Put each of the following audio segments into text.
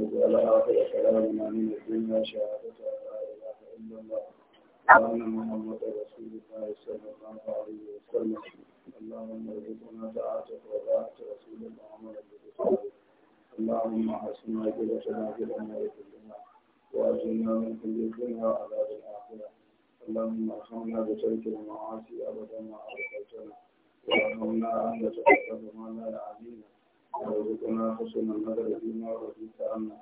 وجعل آخر كلامنا من الدنيا شهادة إله إلا وسلم اللهم ارزقنا طاعتك وطاعة في الأمور كلها وأجرنا من كل الدنيا وعذاب الآخرة اللهم ارحمنا بترك المعاصي أبدا ما أرحمتنا وارحمنا أن تتقبل ما لا يعنينا وارزقنا حسن النظر فيما رضيت عنا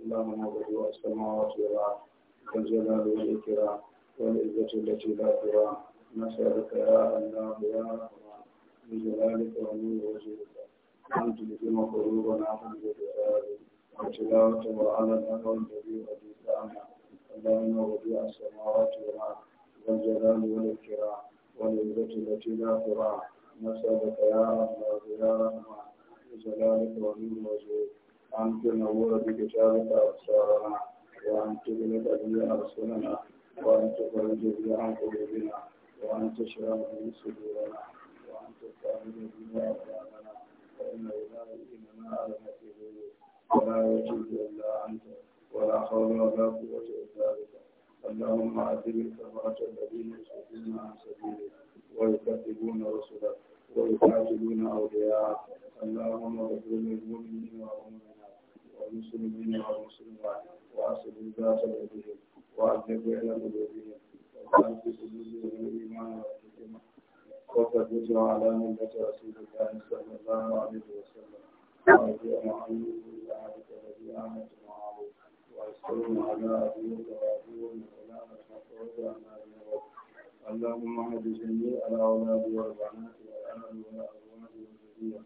اللهم بديع السماوات والارض والجلال والاكرام والعزه التي لا ترام نسالك يا الله يا رحمن بجلالك ومن وجودك ان تلزم قلوبنا حمد بجلالك وتلاوته على الامر الذي رضيت عنا اللهم بديع السماوات والارض والجلال والاكرام والعزه التي لا ترام نسالك يا الله يا رحمن بجلالك ومن وجهك أن تنور بكتابك أبصارنا وأن تغلق به أرسلنا وأن تخرج به عن قلوبنا وأن تشرح به صدورنا وأن تطهر به أقدامنا فإنه لا يؤمننا على نفسه ولا يجوز إلا أنت ولا حول ولا قوة إلا بك اللهم أعذب الكفرة الذين يصدون عن سبيلك ويكذبون رسلك ويقاتلون أولياء اللهم اغفر للمؤمنين والمؤمنات والمسلمين والمسلمات وأصل ذات بيدهم وأذهب إلى قلوبهم واجعل في قلوبهم الإيمان والحكمة وثبت على ملة رسول الله صلى الله عليه وسلم وأرجو أن بعهدك الذي آمنت معه وأسألهم على أبيك وأبيهم ولا أشهد أن لا إله إلا اللهم اهد جميع الأولاد والبنات أهل وأزواج وذرية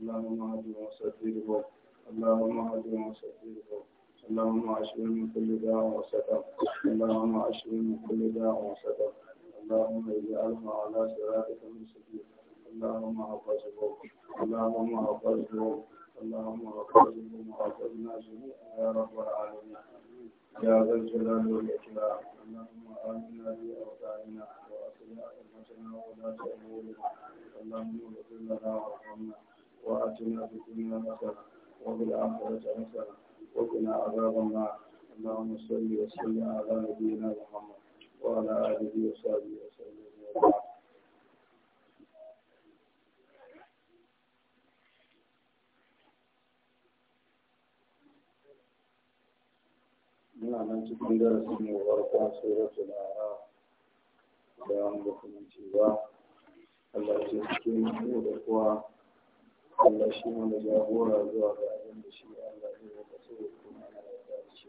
اللهم أهدهم وسددهم اللهم أهدهم وسددهم اللهم أشفهم من كل داء وسقم اللهم أشفهم من كل داء وسقم اللهم اجعلهم على صراطك المستقيم اللهم حفظهم اللهم حفظهم اللهم حفظهم وحفظنا جميعا يا رب العالمين يا ذا الجلال والإكرام اللهم آمنا في أوطاننا يا أئمتنا ولاة أمورنا اللهم اغفر لنا وارحمنا وآتنا في الدنيا حسنة وفي الآخرة حسنة وقنا عذاب النار اللهم صل وسلم على نبينا محمد وعلى آله وصحبه وسلم وبارك muna nan cikin darasin mu farkon suratul araf don da kuma cewa Allah ce cikin mu da kuwa Allah shi mana jagora zuwa ga abin da shi Allah zai yi kaso kuma ana yarda da shi.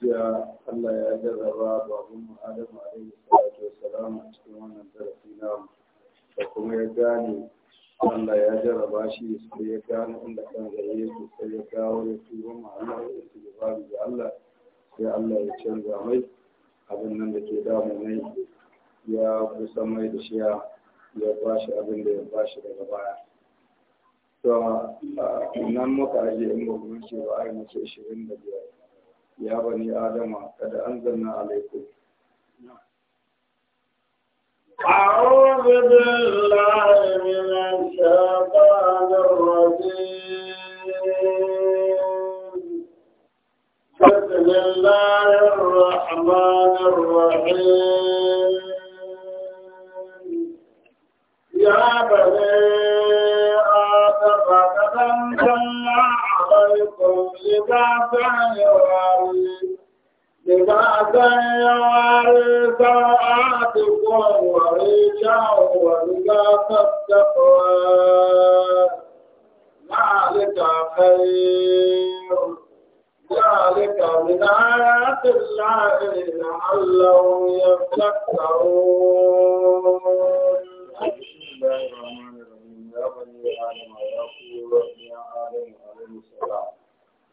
Ya Allah ya jarraba babun mu Adamu alaihi salatu wassalam a cikin wannan darasi namu da kuma ya gane Allah ya jarraba shi sai ya gane inda kan gare su sai ya kawo ya tuba ma Allah ya tuba ga Allah sai Allah ya canza mai abin nan da ke damu ne ya kusa mai da shiya ya bashi abin da ya bashi daga baya to nan muka ajiye in ba kuma ce ba ai mace 25 ya bani adama kada an zanna alaikum أعوذ بالله من الشيطان الرجيم الرحمن الرحيم يا بني آدم قد أنزلنا عليكم لباسا يواري لباسا يواري سوآتكم وريشا ولباس التقوى ذلك خير ذلك من آيات الله لعلهم يذكرون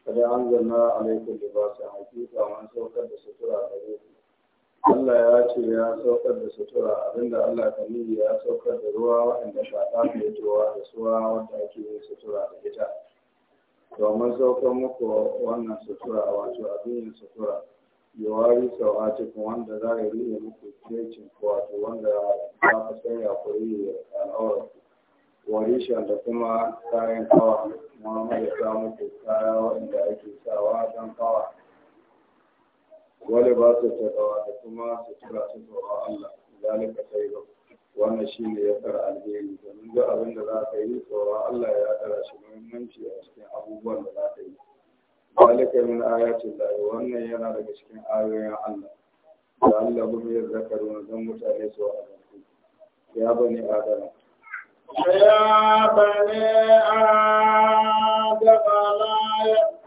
قد أنزلنا عليكم لباسا حقيقة وأن سوكت سترة عليكم Allah ya ce ya saukar da sutura abinda Allah kamili ya saukar da ruwa waɗanda shaƙa mai da suwa wanda ake yin sutura da ita. domin saukar muku wannan sutura wato abin sutura yawari cikin wanda za ya riye muku kecin wato wanda za ku sanya ku riye al'aurar warishan da kuma kayan kawa ya ta muku kaya inda ake sawa don kawa wale ba su taɓawa da kuma sutura sutura Allah zalika sai ba wannan shi ne ya tsara alheri domin duk abin da za ka yi tsoron Allah ya tsara shi muhimmanci a cikin abubuwan da za ka yi Malika min ayatul lahi wannan yana daga cikin ayoyin Allah da Allah gumi ya ruwa don mutane su wa'azantu ya bani adam ya bani adam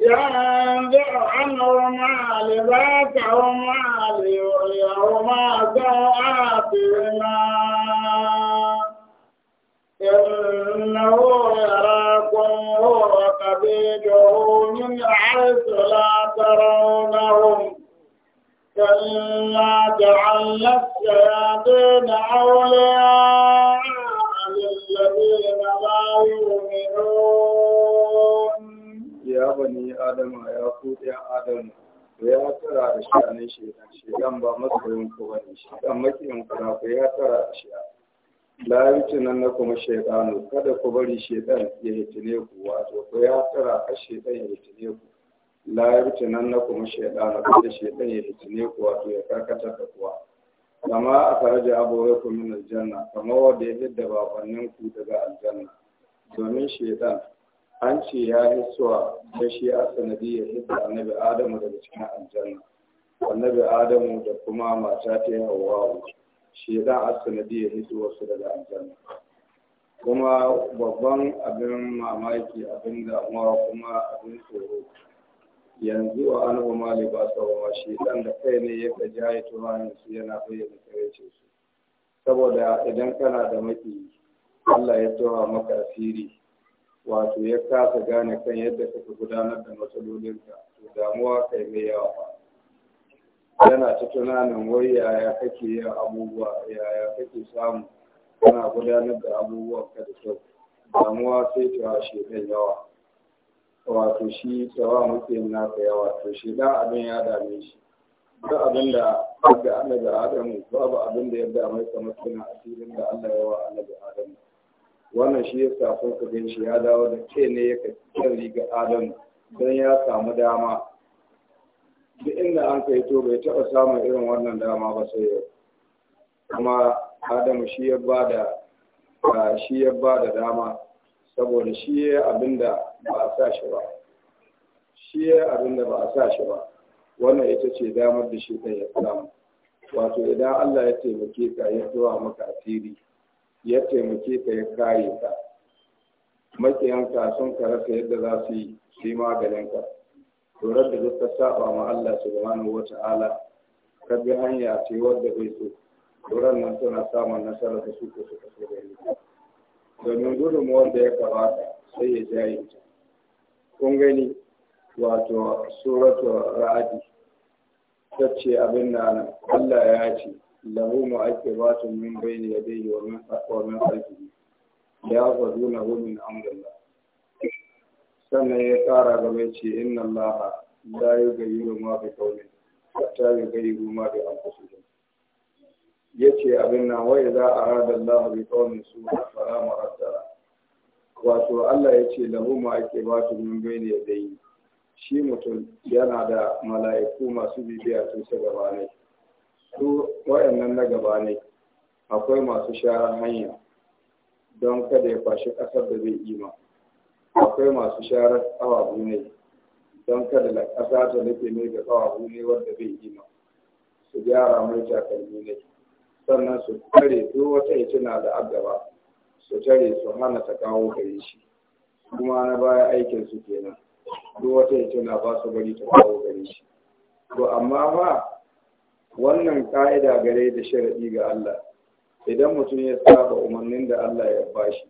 ينزع عنهما لباسهما ما سوآتهما إنه يراكم هو قبيله من حيث لا ترونهم كلا جعلنا الشياطين أولياء للذين لا يؤمنون ya bani adama ya kuɗe adamu ya tara da shanin Shi shaidan ba matsayin ku bane shaidan makiyin ku na ku ya tara da shi la nan na kuma shaidanu kada ku bari shaidan ya hitine ku wato ku ya tara a shaidan ya hitine ku la nan na kuma shaidanu kada shaidan ya hitine ku wato ya karkatar da kuwa kama a faraja ku min aljanna kama wanda ya hidda babannin ku daga aljanna domin shaidan an ce ya hisuwa da shi a sanadi sanadiyar hissa annabi adamu daga cikin aljanna annabi adamu da kuma mata ta yi hawa shi za a sanadi ya sanadiyar su daga aljanna kuma babban abin mamaki abin damuwa kuma abin tsoro yanzu a an kuma libasa wa shi dan da kai ne ya kaji ya tuhanin su yana bayyana tsarece su saboda idan kana da maki Allah ya tura maka asiri wato ya kasa gane kan yadda kaka gudanar da matsalolinka to damuwa kai mai yawa yana ta tunanin wai yaya kake yin abubuwa yaya kake samu kana gudanar da abubuwan ka da kyau damuwa sai ta washe kan yawa wato shi tsawa muke naka yawa to shi da abin ya dame shi duk abin da ga annabi adamu babu abin da ya dame kamar suna asirin da Allah ya wa annabi adamu wannan shi ya sa kun kudin shi ya dawo da ke ne ya kan riga adam don ya samu dama duk inda an kai to bai taɓa samun irin wannan dama ba sai yau kuma adamu shi ya ba da shi ya ba da dama saboda shi ya abin da ba a sa shi ba shi ya abin da ba a sa shi ba wannan ita ce damar da shi kan samu wato idan Allah ya taimake ka ya zuwa maka asiri ya taimake ka ya kare ka makiyanka sun ka rasa yadda za su yi shi yi maganin da zuka saba ma Allah subhanahu wa ta'ala ka bi hanya ce wadda bai so dorar nan suna samun nasarar da suka su so da yi domin gudunmuwar wanda ya kamata sai ya jaye ta kun gani wato suratu ra'adi ta ce abin nan Allah ya ce له مؤكبات من بين يديه ومن ومن خلفه يأخذونه من أمر الله sannan ya ƙara gaba ce inna Allah la yughayyiru ma bi qawmin hatta yughayyiru ma bi anfusihim yace abin nan wai za a rada Allah bi qawmin su fara maradda wato Allah yace lahu ma ake ba su min bayni yadayhi shi mutum yana da mala'iku masu bibiya sun sa gaba su waɗannan na gaba ne akwai masu sharan hanya don kada ya kwashi ƙasar da zai ima akwai masu sharar tsawabu ne don kada da ƙasa ta nufi ne da tsawabu ne wanda zai ima su gyara mai takalmi ne sannan su tare duk wata hitina da agaba su tare su hana ta kawo gari shi kuma na baya aikin su kenan duk wata hitina ba su bari ta kawo gari shi to amma ba wannan ƙa'ida gare da sharaɗi ga Allah idan mutum ya saba umarnin da Allah ya bashi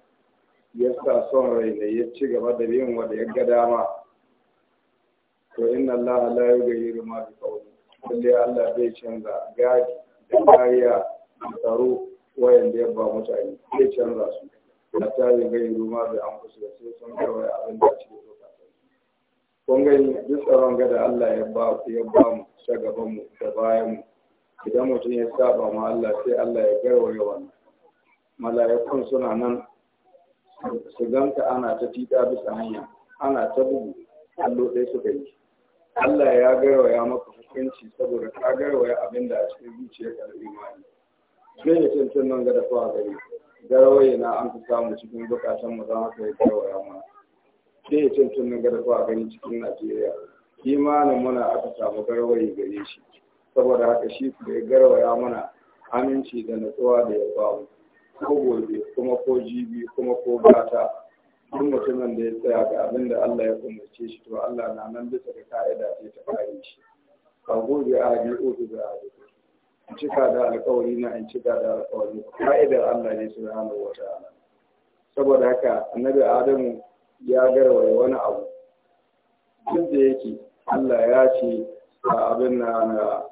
ya sa son rai da ya ci gaba da yin wanda ya ga dama to inna Allah la yughayyiru ma bi qawmin lalle Allah bai canza gadi da kariya da tsaro wayanda ya ba mutane bai canza su hatta yughayyiru ma bi anfusihim sai sun kawai abin da cikin kun gani duk tsaron gada Allah ya ba ya ba mu shagaban mu da bayan mu idan mutum ya saba ma Allah sai Allah ya garwaye wannan mala'ikun suna nan su ganta ana ta tita bisa hanya ana ta bugu allo ɗaya suka yi Allah ya garwaya maka hukunci saboda ka garwaya abin da a cikin zuciya ka da imani sai ya tuntun nan ga dafa gari garwaye na an fi samu cikin bukatan mu zama ka ya garwaya ma sai ya tuntun nan ga dafa gari cikin Najeriya imanin muna aka samu garwaye gare shi saboda haka shi da ya garwaya mana aminci da natsuwa da ya bawo ko gobe kuma ko jibi kuma ko gata duk mutumin da ya tsaya ga abin da Allah ya umarce shi to Allah na nan bisa da ka'ida ce ta kare shi ka gobe a ofi da hadu in cika da alkawari na in cika da alkawari ka'idar Allah ne su hana wata ala saboda haka annabi Adamu ya ya wani abu duk da yake Allah ya ce a abin na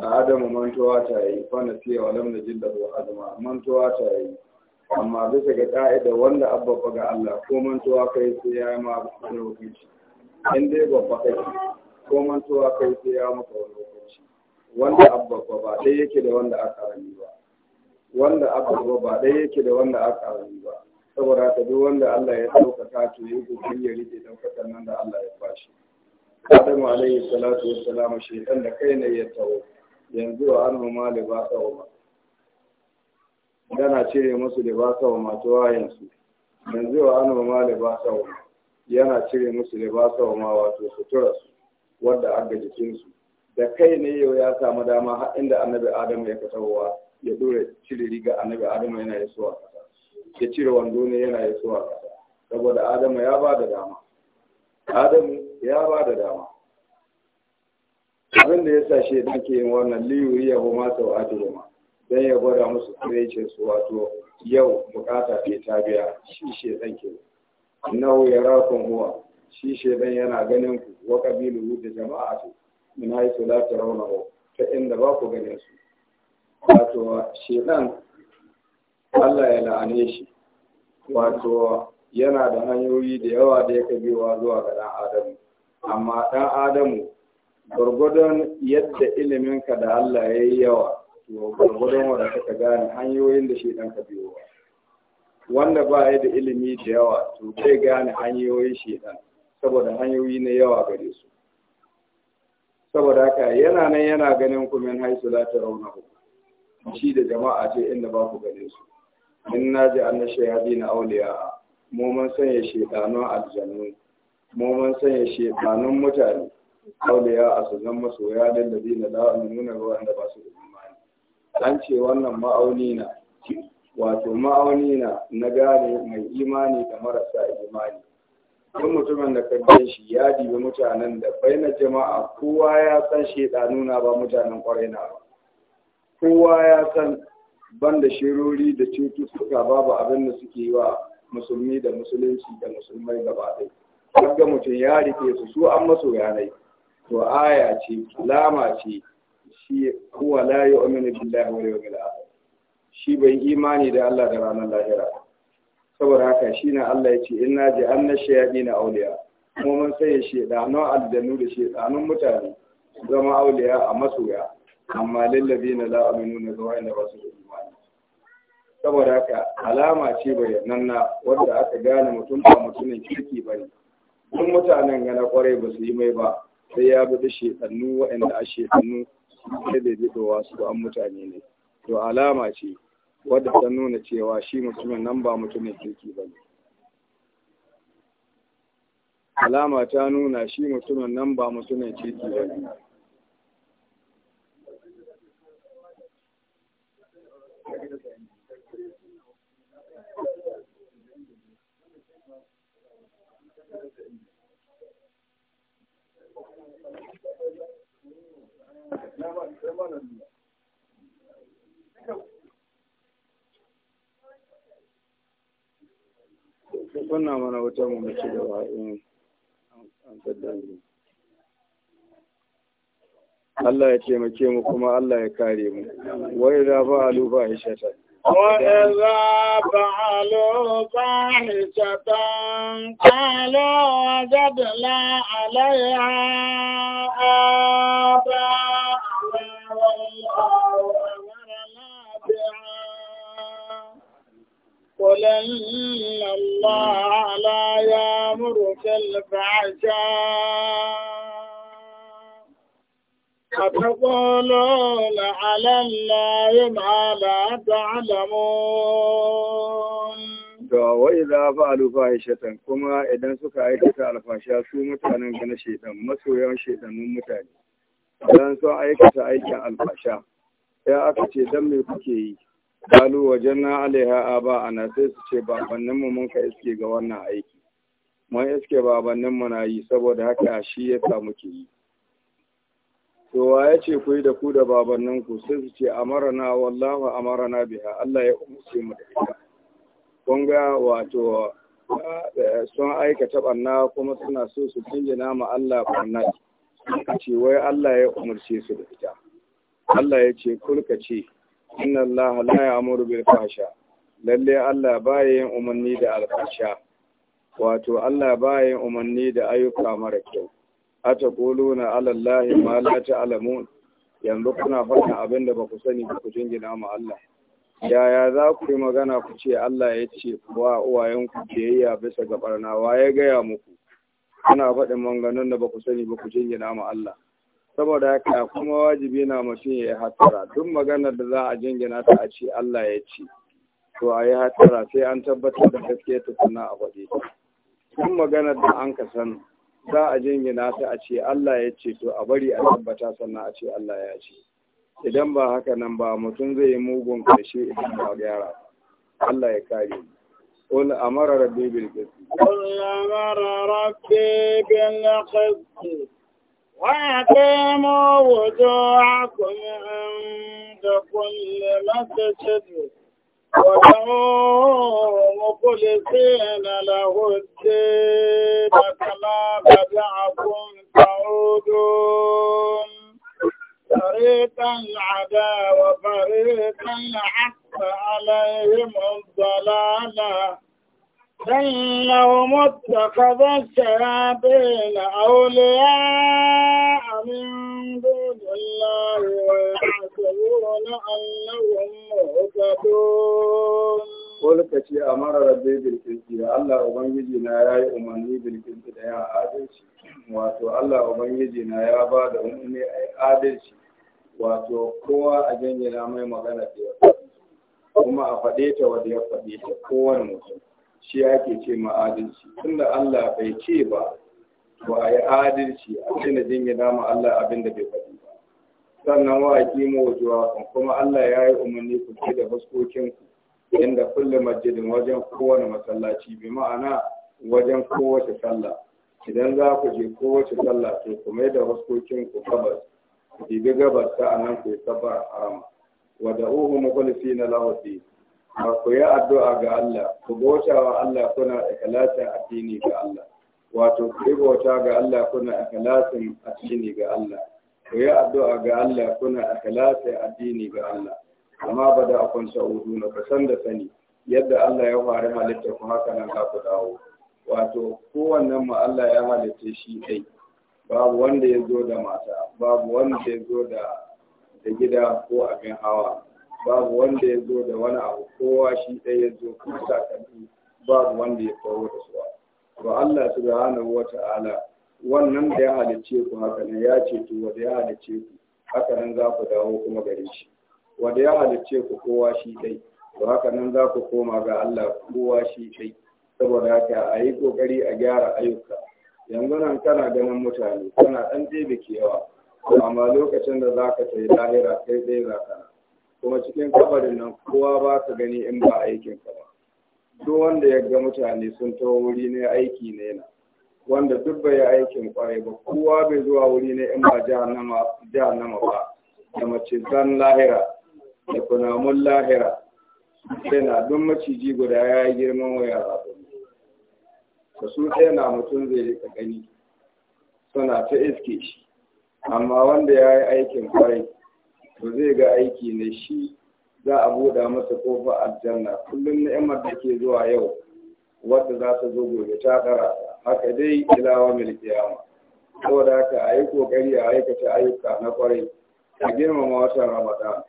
a adamu mantuwa ta yi fana fiye wa lamna da ko adama mantuwa ta yi amma bisa ga ka'ida wanda abba ga Allah ko mantuwa kai sai ya yi ma wani hukunci in dai babba kai ko mantuwa kai sai ya maka wani hukunci wanda abba ba dai yake da wanda aka rami ba wanda abba ba dai yake da wanda aka rami ba saboda ta duk wanda Allah ya ɗaukaka to yi kokari ya rike ɗaukakar nan da Allah ya bashi Adamu alaihi salatu shi ɗan da kai ne ya tawo yanzu wa an ma libasa wa yana cire musu libasa wa masu wayansu yanzu wa an ma libasa wa yana cire musu libasa wa ma wato sutura su wadda aga jikinsu da kai ne yau ya samu dama har inda annabi adamu ya fitowa ya dora cire riga annabi adamu yana yi suwa kasa ya cire wando ne yana yi suwa kasa saboda adam ya ba da dama adamu ya ba da dama abin da ya sa shi da ke yin wannan liyuri ya homa sau a jirma don ya gwada musu kirecin su wato yau bukata ce ta biya shi shi dan ke Nau, ya rafin huwa shi shi dan yana ganin ku wa kabilu da jama'a su su lati rauna ko. ta inda ba ku ganin su wato shedan Allah ya la'ane shi wato yana da hanyoyi da yawa da ya kabewa zuwa ga dan adamu amma dan adamu gwargwadon yadda iliminka da Allah ya yi yawa to gwargwadon wanda kaka gane hanyoyin da shi ɗan ka biyo wanda ba ya da ilimi da yawa to zai gane hanyoyin shi dan saboda hanyoyi na yawa gare su saboda haka yana nan yana ganin ku min haisu la ku shi da jama'a ce inda ba ku ganin su in naji anna shayadina auliya mu mun sanya shedanun aljannu mu mun sanya shedanun mutane auliya a su zan masoya da zai la nuna ga wanda ba su da imani an ce wannan ma'auni na wato ma'auni na na gane mai imani da marasa imani duk mutumin da kan shi ya dibi mutanen da bai na jama'a kowa ya san shaidanu nuna ba mutanen kwarai na ba kowa ya san banda shirori da cututtuka babu abin da suke yi wa musulmi da musulunci da musulmai gaba ɗaya. Kaga mutum ya rike su su an masoya ne. to aya ce alama ce shi kuwa la yu'minu billahi wani wani akhir shi bai imani da Allah da ranar lahira saboda haka shi na Allah ya ce inna ja'alna na auliya kuma mun sanya shedanun aljannu da shi, shedanun mutane zama auliya a masoya amma lallabi na la nuna zuwa inda ba su da imani saboda haka alama ce bai na wanda aka gane mutum ba mutumin kirki ne. duk mutanen gana kwarai ba su yi mai ba sai ya bi shekannu waɗanda a shekannu sai da jidowa su an mutane ne to alama ce wadda ta nuna cewa shi mutumin nan ba mutumin kirki ba ne alama ta nuna shi mutumin nan ba mutumin kirki ba ne kunna mana wutar mu mace da wa'in an Allah ya taimake mu kuma Allah ya kare mu wai da ba alu ba ya shata قل الله لا أتقولون على الله ما لا تعلمون fa'alu fahishatan kuma idan suka aikata alfasha su mutanen gana shedan masoyan shedanun mutane idan sun aikata aikin alfasha Ya aka ce dan me kuke yi kalu wajen na alaiha ba ana sai su ce mu mun ka iske ga wannan aiki mun iske mu na yi saboda haka shi ya samu ke yi to wa ya ce ku yi da ku da ku sai su ce amarana wallahu amarana biha Allah ya umarce mu da ita kun ga wato sun aikata banna kuma suna so su kinjina ma Allah barna ce wai Allah ya umarce su da ita Allah ya ce kulka ce inna Allah la ya'muru bil fahsha lalle Allah baya yin umarni da alfasha wato Allah baya yin umarni da ayyuka mara kyau ataquluna ala Allah ma la ta'lamun yanzu kuna faɗin abin da ba ku sani ba ku jingina ma Allah yaya za ku yi magana ku ce Allah ya ce wa uwayenku biyayya bisa ga barna wa ya gaya muku kuna faɗin manganun da ba ku sani ba ku jingina ma Allah saboda haka kuma wajibi na mutum ya yi hatara duk maganar da za a jingina ta a ce Allah ya ce to a yi hatara sai an tabbatar da gaske tukuna a faɗi duk maganar da an ka san za a jingina ta a ce Allah ya ce to a bari a tabbata sannan a ce Allah ya ce idan ba haka nan ba mutum zai yi mugun karshe idan ba gyara Allah ya kare mu قل أمر ربي بالقسط قل أمر ربي بالقسط وأقيموا وجوهكم عند كل مسجد ودعوه مخلصين له الدين كما بدعكم تعودون فريقا عدا وفريقا حق عليهم الضلاله إنهم اتخذوا الشياطين أولياء من دون الله ويحسبون أنهم مهتدون Wani ce a mara rabbi bilkinsi Allah Ubangiji na ya yi umarni bilkinsi da ya adalci, wato Allah Ubangiji na ya ba da umarni a yi adalci, wato kowa a janye mai magana da ya faɗi, kuma a faɗe ta wadda ya faɗi ta kowane mutum. shi ake ce ma adalci tunda Allah bai ce ba to a yi adalci a cikin jingina na Allah abin da bai faɗi ba sannan wa kima wujuhakum kuma Allah ya yi umarni ku ce da fuskokin ku inda kulle masjidin wajen kowane masallaci bi ma'ana wajen kowace sallah idan za ku je kowace sallah to ku mai da fuskokin ku gabas ku dibi gabas sa'annan ku yi sabar haram wa da'uhu mukhlisina lahu ku yi addu'a ga Allah ku bauta wa Allah kuna ikhlasin addini ga Allah wato ku yi bauta ga Allah kuna ikhlasin addini ga Allah ku yi addu'a ga Allah kuna ikhlasin addini ga Allah amma ba da akon sa'udu na kasan da sani yadda Allah ya fara halitta ku haka nan za ku dawo wato kowannen mu Allah ya halitta shi kai babu wanda ya zo da mata babu wanda ya zo da gida ko abin hawa babu wanda ya zo da wani abu kowa shi ɗaya ya zo kuma sakamako babu wanda ya kawo da suwa to Allah subhanahu wata'ala wannan da ya halice ku haka ne ya ce to wanda ya halice ku haka nan za ku dawo kuma gare shi wanda ya halice ku kowa shi ɗai to haka nan za ku koma ga Allah kowa shi ɗai saboda haka a yi kokari a gyara ayyuka yanzu nan kana ganin mutane kana ɗan ɗebe kewa amma lokacin da za ka tafi lahira kai ɗaya za ka kuma cikin kabarin nan kowa ba ka gani in ba aikin ka ba duk wanda ya ga mutane sun taho wuri ne aiki ne na wanda duk bai yi aikin kwarai ba kowa bai zuwa wuri ne in ba jahannama ba da mace zan lahira da kunamun lahira sai na don maciji guda ya yi girman waya a da su ɗaya na mutum zai rika gani suna ta iske shi amma wanda ya yi aikin kwarai to zai ga aiki ne shi za a buɗa masa kofa aljanna kullum ni'imar da ke zuwa yau wadda za ta zo gobe ta ɗara haka dai ilawa mil kiyama saboda haka a yi ƙoƙari a aikata ayyuka na ƙwarai. a girmama watan ramadan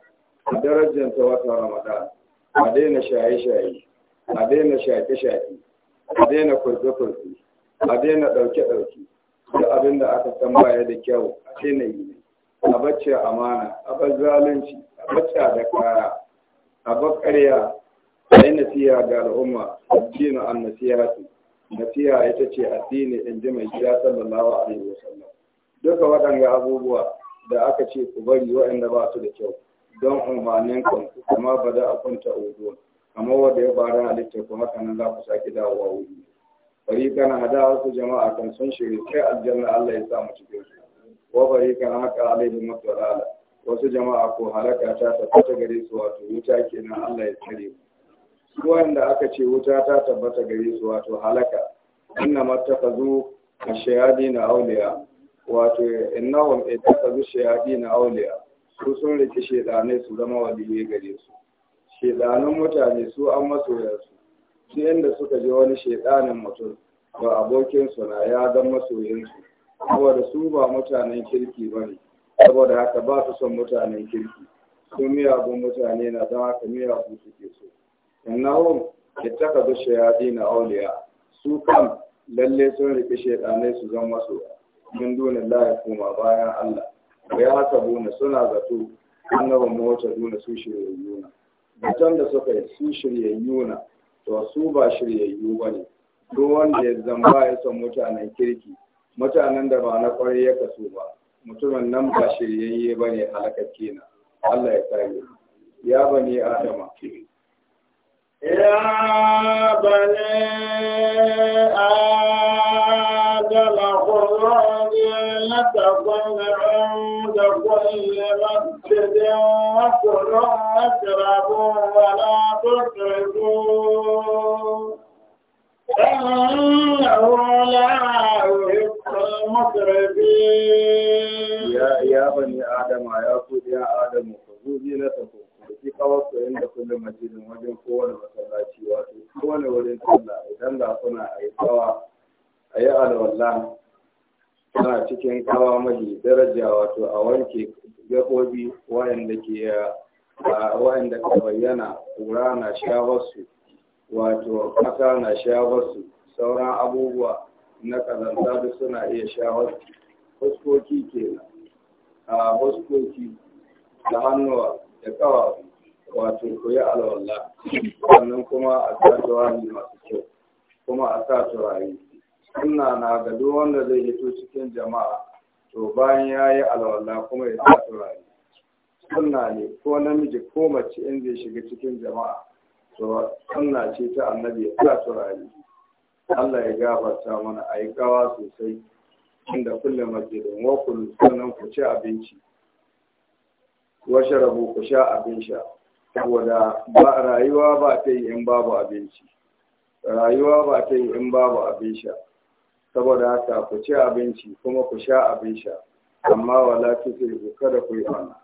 a darajanta watan ramadan a daina shaye-shaye a daina shaƙe-shaƙe a daina kurfe-kurfe a daina ɗauke-ɗauke da abin da aka san baya da kyau a daina yi a a amana a bar zalunci a da kara a bar ƙarya a yi nasiha ga al'umma addinu an nasihati nasiha ita ce addini in ji mai gida sallallahu alaihi wasallam duka waɗanga abubuwa da aka ce ku bari waɗanda ba su da kyau don umarnin ku kuma ba za a kunta uduwa amma wanda ya fara halitta ku haka nan za ku sake dawowa wuri fari kana hada wasu jama'a kan sun shirya kai aljanna Allah ya sa mu cikin su wa fariqan haka alaihim ad wasu jama'a ko halaka ta tabbata gare su wato wuta kenan Allah ya tsare su wanda aka ce wuta ta tabbata gare su wato halaka inna mattakazu ashayadina awliya wato innahum ittakazu shayadina awliya su sun rike shedanai su zama waliyai gare su shedanun mutane su an masoyansu su inda suka je wani shedanin mutum ba abokinsu na ya zama masoyinsu saboda su ba mutanen kirki ba ne saboda haka ba su son mutanen kirki su miyagun mutane na don haka miyagun suke so innahum ittakhadhu shayatin awliya su kan lalle sun rike shaytanai su zama maso min duna la kuma bayan Allah ya haka buna suna zato annahum duna su yuna. mutan da suka yi su shiryayyuna to su ba shiryayyu bane duk wanda ya zamba ya son mutanen kirki mutanen da ba na kwarai ya kaso ba mutumin nan ba shiryayye ba ne halakakke na Allah ya kare ya ne adama ya ne adama qurrani latakun inda kulli masjidin wa qurrun asrabu wa la tusrifu إنه لا المسرفين Adama يا بني آدم يا سيدي يا آدم خذوا زينتكم ki kawarsa inda kullum majalin wajen kowane masallaci wato kowane wurin sallah idan da kuna a yi kawa a cikin kawa mahi daraja wato a wanke gaɓoɓi wayanda ke wayanda ka bayyana kura na sha wasu wato ƙasa na sha wasu sauran abubuwa na kazanta duk suna iya shawar huskoki kenan a huskoki da hannuwa da kawa wato koyi alwallah sannan kuma a sa turare masu kyau kuma a sa turare suna na ga duk wanda zai hito cikin jama'a to bayan ya yi alwallah kuma ya sa turare suna ne ko namiji ko mace in zai shiga cikin jama'a to suna ce ta annabi ya sa turare Allah ya gafarta mana a yi gawa sosai inda kullum da wakul sannan ku ci abinci washe rabu ku sha abin sha saboda ba rayuwa ba ta yi in babu abinci rayuwa ba ta yi in babu abin sha saboda haka ku ci abinci kuma ku sha abin sha amma wala ku kada ku yi bana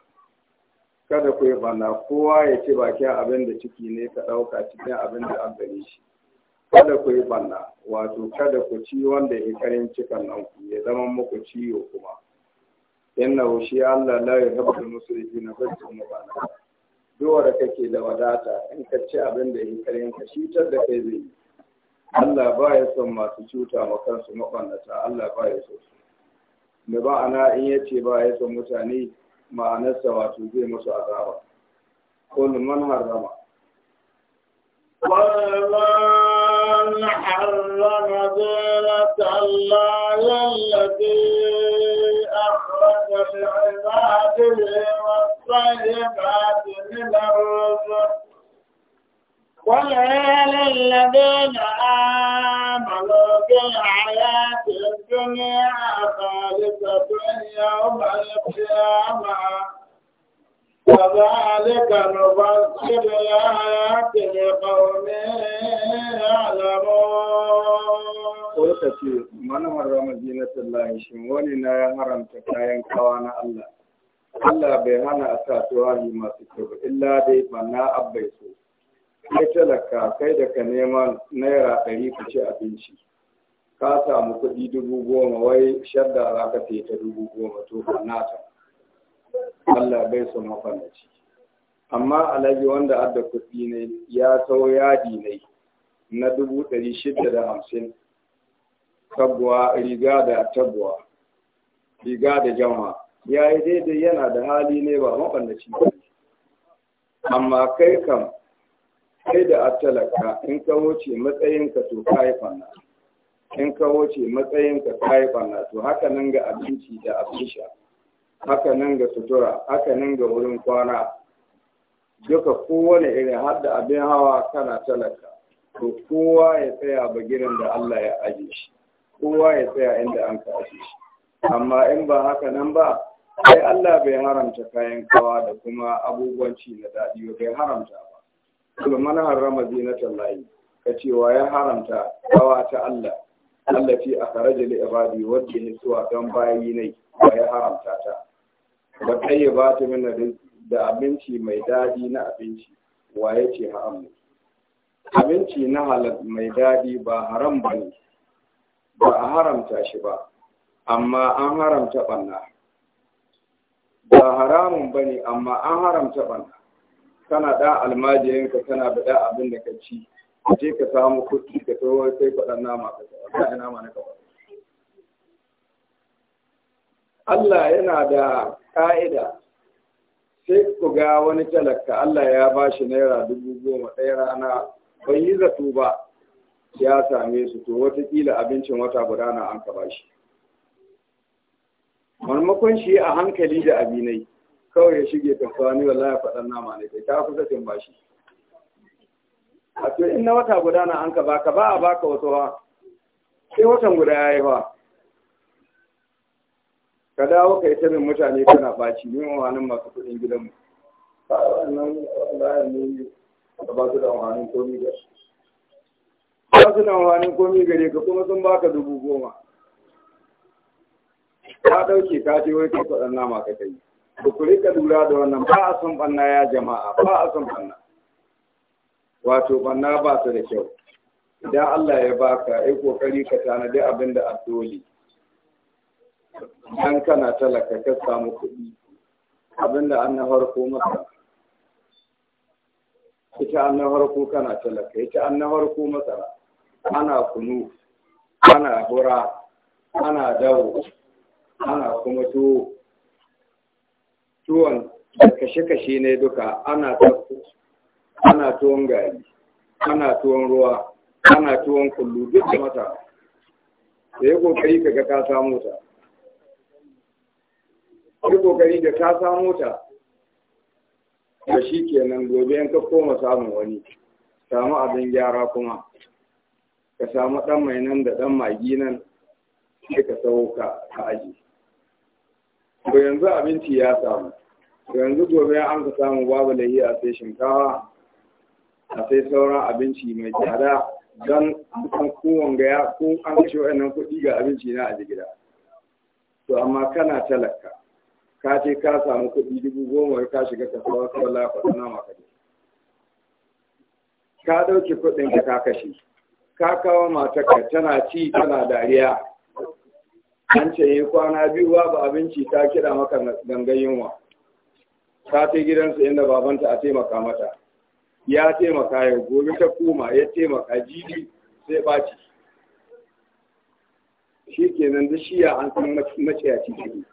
kada ku yi bana kowa ya ci bakin abin da ciki ne ka ɗauka cikin abin da an gani shi kada ku yi banna wato kada ku ci wanda ya karin cikan nan ku ya zama muku ciwo kuma inna shi Allah la yuhibbu musrifin fa mu banna Dole da kake da wadata in ka ci abin da ya karin ka shi tar da kai zai Allah ba ya son masu cuta ma kansu mabannata Allah ba ya so me ba ana in yace ba ya son mutane ma'anarsa wato zai musu azaba kullu man harrama Allah من حرم زينة الله الذي أخرج لعباده والطيبات من الرزق ولعل الذين آمنوا بالحياة الدنيا خالصة يوم القيامة كذلك نفصل الآيات لقوم يعلمون ko ta ce manamar ramadi na tallahi shi wani na ya haramta kayan kawa na Allah Allah bai hana a sa tuwari masu kyau illa dai banna abbai so kai talaka kai da ka nema naira ɗari ku ci abinci ka samu kuɗi dubu goma wai shadda za ka ta dubu goma to banna ta Allah bai son mafanaci. amma alhaji wanda adda kuɗi ne ya tau yadi ne na dubu ɗari shida da hamsin tabuwa riga da tabuwa riga da jama ya yi daidai yana da hali ne ba mafanaci ba amma kai kam kai da attalaka in ka wuce matsayinka to ka yi fanna in ka wuce matsayinka ka yi fanna to haka nan ga abinci da abin sha haka nan ga sutura haka nan ga wurin kwana duka kowane irin har da abin hawa kana talaka to kowa ya tsaya ba girin da Allah ya aje shi kowa ya tsaya inda an ka aje shi amma in ba haka nan ba sai Allah bai haramta kayan kawa da kuma abubuwan ci na daɗi bai haramta ba kuma mana harrama zinatan layi, ka cewa ya haramta kawa ta Allah Allah ce a karaje li ibadi wadda ya suwa don bayi ne ya haramta ta wa ba min mana da abinci mai dadi na abinci wa ce ha'am abinci na halal mai dadi ba haram bane ba a haramta shi ba amma an haramta banna ba haramun bane amma an haramta banna kana da almajirin ka kana bada abin da ka ci je ka samu kuɗi ka tsohon sai faɗan nama ka ina nama na kaba Allah yana da ƙa'ida sai ku ga wani talaka Allah ya ba shi naira dubu goma ɗaya rana bai yi zato ba ya same su to watakila abincin wata guda na an ka ba shi. Marmakon shi a hankali da abinai kawai ya shige kasuwa ni ya faɗan nama ne kai ta kusa cin bashi. A to in na wata guda na an ka ka ba a baka wasu ha sai watan guda ya yi ba. ka dawo ka ita min mutane kana baci min wani masu kuɗin gidanmu ba wannan bayan ne da ba su da wani komi gari. ba su da wani komi gare ka kuma sun baka dubu goma ka ɗauke ka ce wai ka kwaɗan nama ka kai ku ku rika lura da wannan ba a son banna ya jama'a ba a son banna wato banna ba su da kyau idan Allah ya baka ai kokari ka tanadi abin da a dole idan kana talaka ka samu kuɗi abinda an na harko masa ita an na harko kana talaka ita an na harko masa ana kunu ana hura ana dawo ana kuma tuwo tuwon kashe-kashe ne duka ana tafi ana tuwon gari ana tuwon ruwa ana tuwon kullu duk da mata da ya kokari ka ga ka samu ta yi kokari da ka samu ta da shi kenan gobe in ka koma samun wani samu abin gyara kuma ka samu ɗan mai nan da ɗan magi nan sai ka sauka ka aji to yanzu abinci ya samu yanzu gobe an ka samu babu lahi a sai shinkawa a sai sauran abinci mai gyara don an kowon gaya ko an kashe wa'annan kuɗi ga abinci na a gida to amma kana talaka ka ce ka samu kuɗi dubu goma ka shiga kasuwa ka wala ka sana maka ka ɗauki kuɗin ka ka kashe ka kawo matarka tana ci tana dariya an ce yi eh, kwana biyu babu abinci ta kira maka gangan yunwa ta ce gidansa inda babanta a taimaka mata ya taimaka ya gobe ta koma ya taimaka jibi sai ɓaci shi kenan da shiya an san maciyaci ciki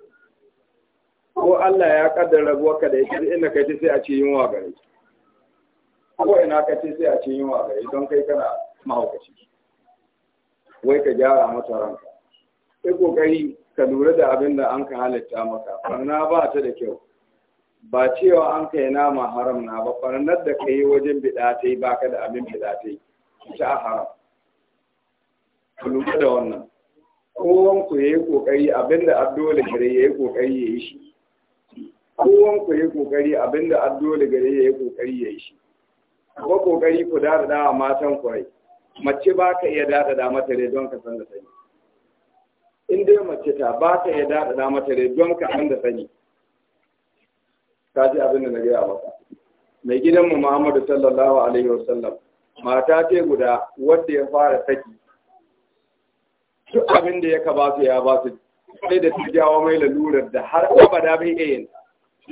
ko Allah ya kaddara rabuwarka da ita inda kai sai a ce yunwa gare ki ko ina ka ce sai a ce yunwa gare don kai kana mahaukaci wai ka gyara mata ranka sai kokari ka lura da abin da an ka halitta maka barna ba ta da kyau ba cewa an kai nama haram na ba farnar da ka yi wajen bidatai ba ka da abin bidatai ta haram Ka lura da wannan Kowanku ya yi kokari abin da abdole gare ya yi kokari ya yi shi kowan ku yi kokari abinda an dole gare ya yi kokari ya yi shi ko kokari ku da da matan ku rai mace ba ka iya da da mata rai don ka san da sani in dai mace ta ba ka iya da da mata rai don ka san da sani ka ji abin da na gaya maka mai gidanmu Muhammadu sallallahu alaihi wasallam mata ce guda wanda ya fara saki duk abin da ya ka ba su ya ba su sai da ta jawo mai lalurar da har abada bai iya yin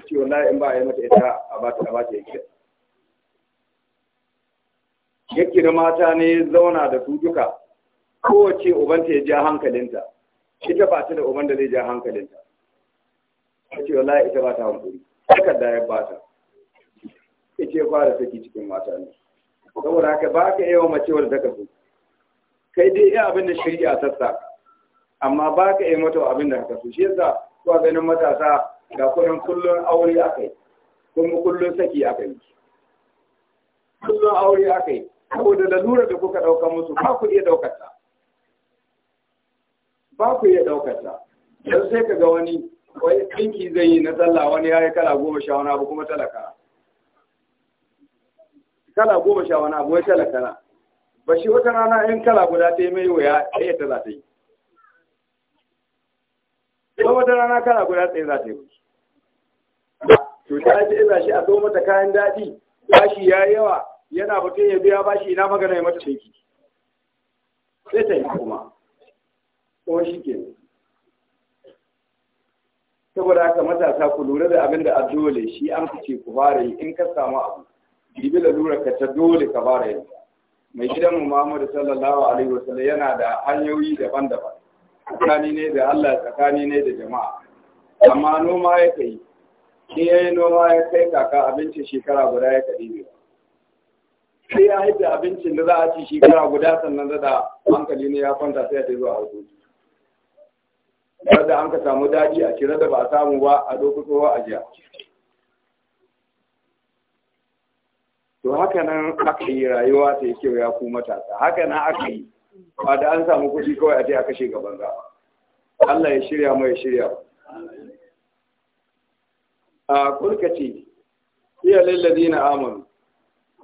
ce wallahi in ba a yi mata ita a ba ta ba ta yake ya kira mata ne zauna da su duka kowace ubanta ya ja hankalinta ita ba ta da uban da zai ja hankalinta ta ce wallahi ita ba ta hankali takarda ya ba ta ita ya fara saki cikin mata ne saboda haka ba ka yawan mace wadda ta kasu kai dai iya abin da shirya sassa amma ba ka yi mata abin da ka kasu shi yasa kuwa ganin matasa ga kunan kullun aure kai, kuma kullun saki kai. kullun aure kai, saboda lalura da kuka ɗauka musu ba ku iya ɗaukata. ba ku iya ɗaukata? ta sai sai kaga wani wai ɗinki zai yi na sallah wani ya yi kala goma sha wani abu kuma talaka kala goma sha wani abu wai talaka na ba shi wata rana in kala guda ta yi mai wuya ɗaya ta za ta yi ko wata rana kana guda tsaye za ta yi to ta ce za shi a so mata kayan daɗi bashi ya yi yawa yana batun ya biya bashi ina magana ya mata ceki sai ta yi kuma ko shi ke saboda haka matasa ku lura da abin da a dole shi an fice ku fara yi in ka samu abu jibi lura ka ta dole ka fara yi mai gidan mu Muhammadu sallallahu alaihi wasallam yana da hanyoyi daban-daban tsakani ne da Allah tsakani ne da jama'a amma noma ya kai shi ya yi noma ya kai kaka abincin shekara guda ya kaɗi ne sai ya haifi abincin da za a ci shekara guda sannan da hankali ne ya kwanta sai ya ce zuwa hutu wadda an ka samu daji a cire da ba a samu ba a dokutowa a jiya to haka nan aka yi rayuwa ta yi kyau ya ku matasa haka nan aka yi ba da an samu kuɗi kawai a je a kashe gaban Allah ya shirya mu shirya a kulkaci iya lallazi na amanu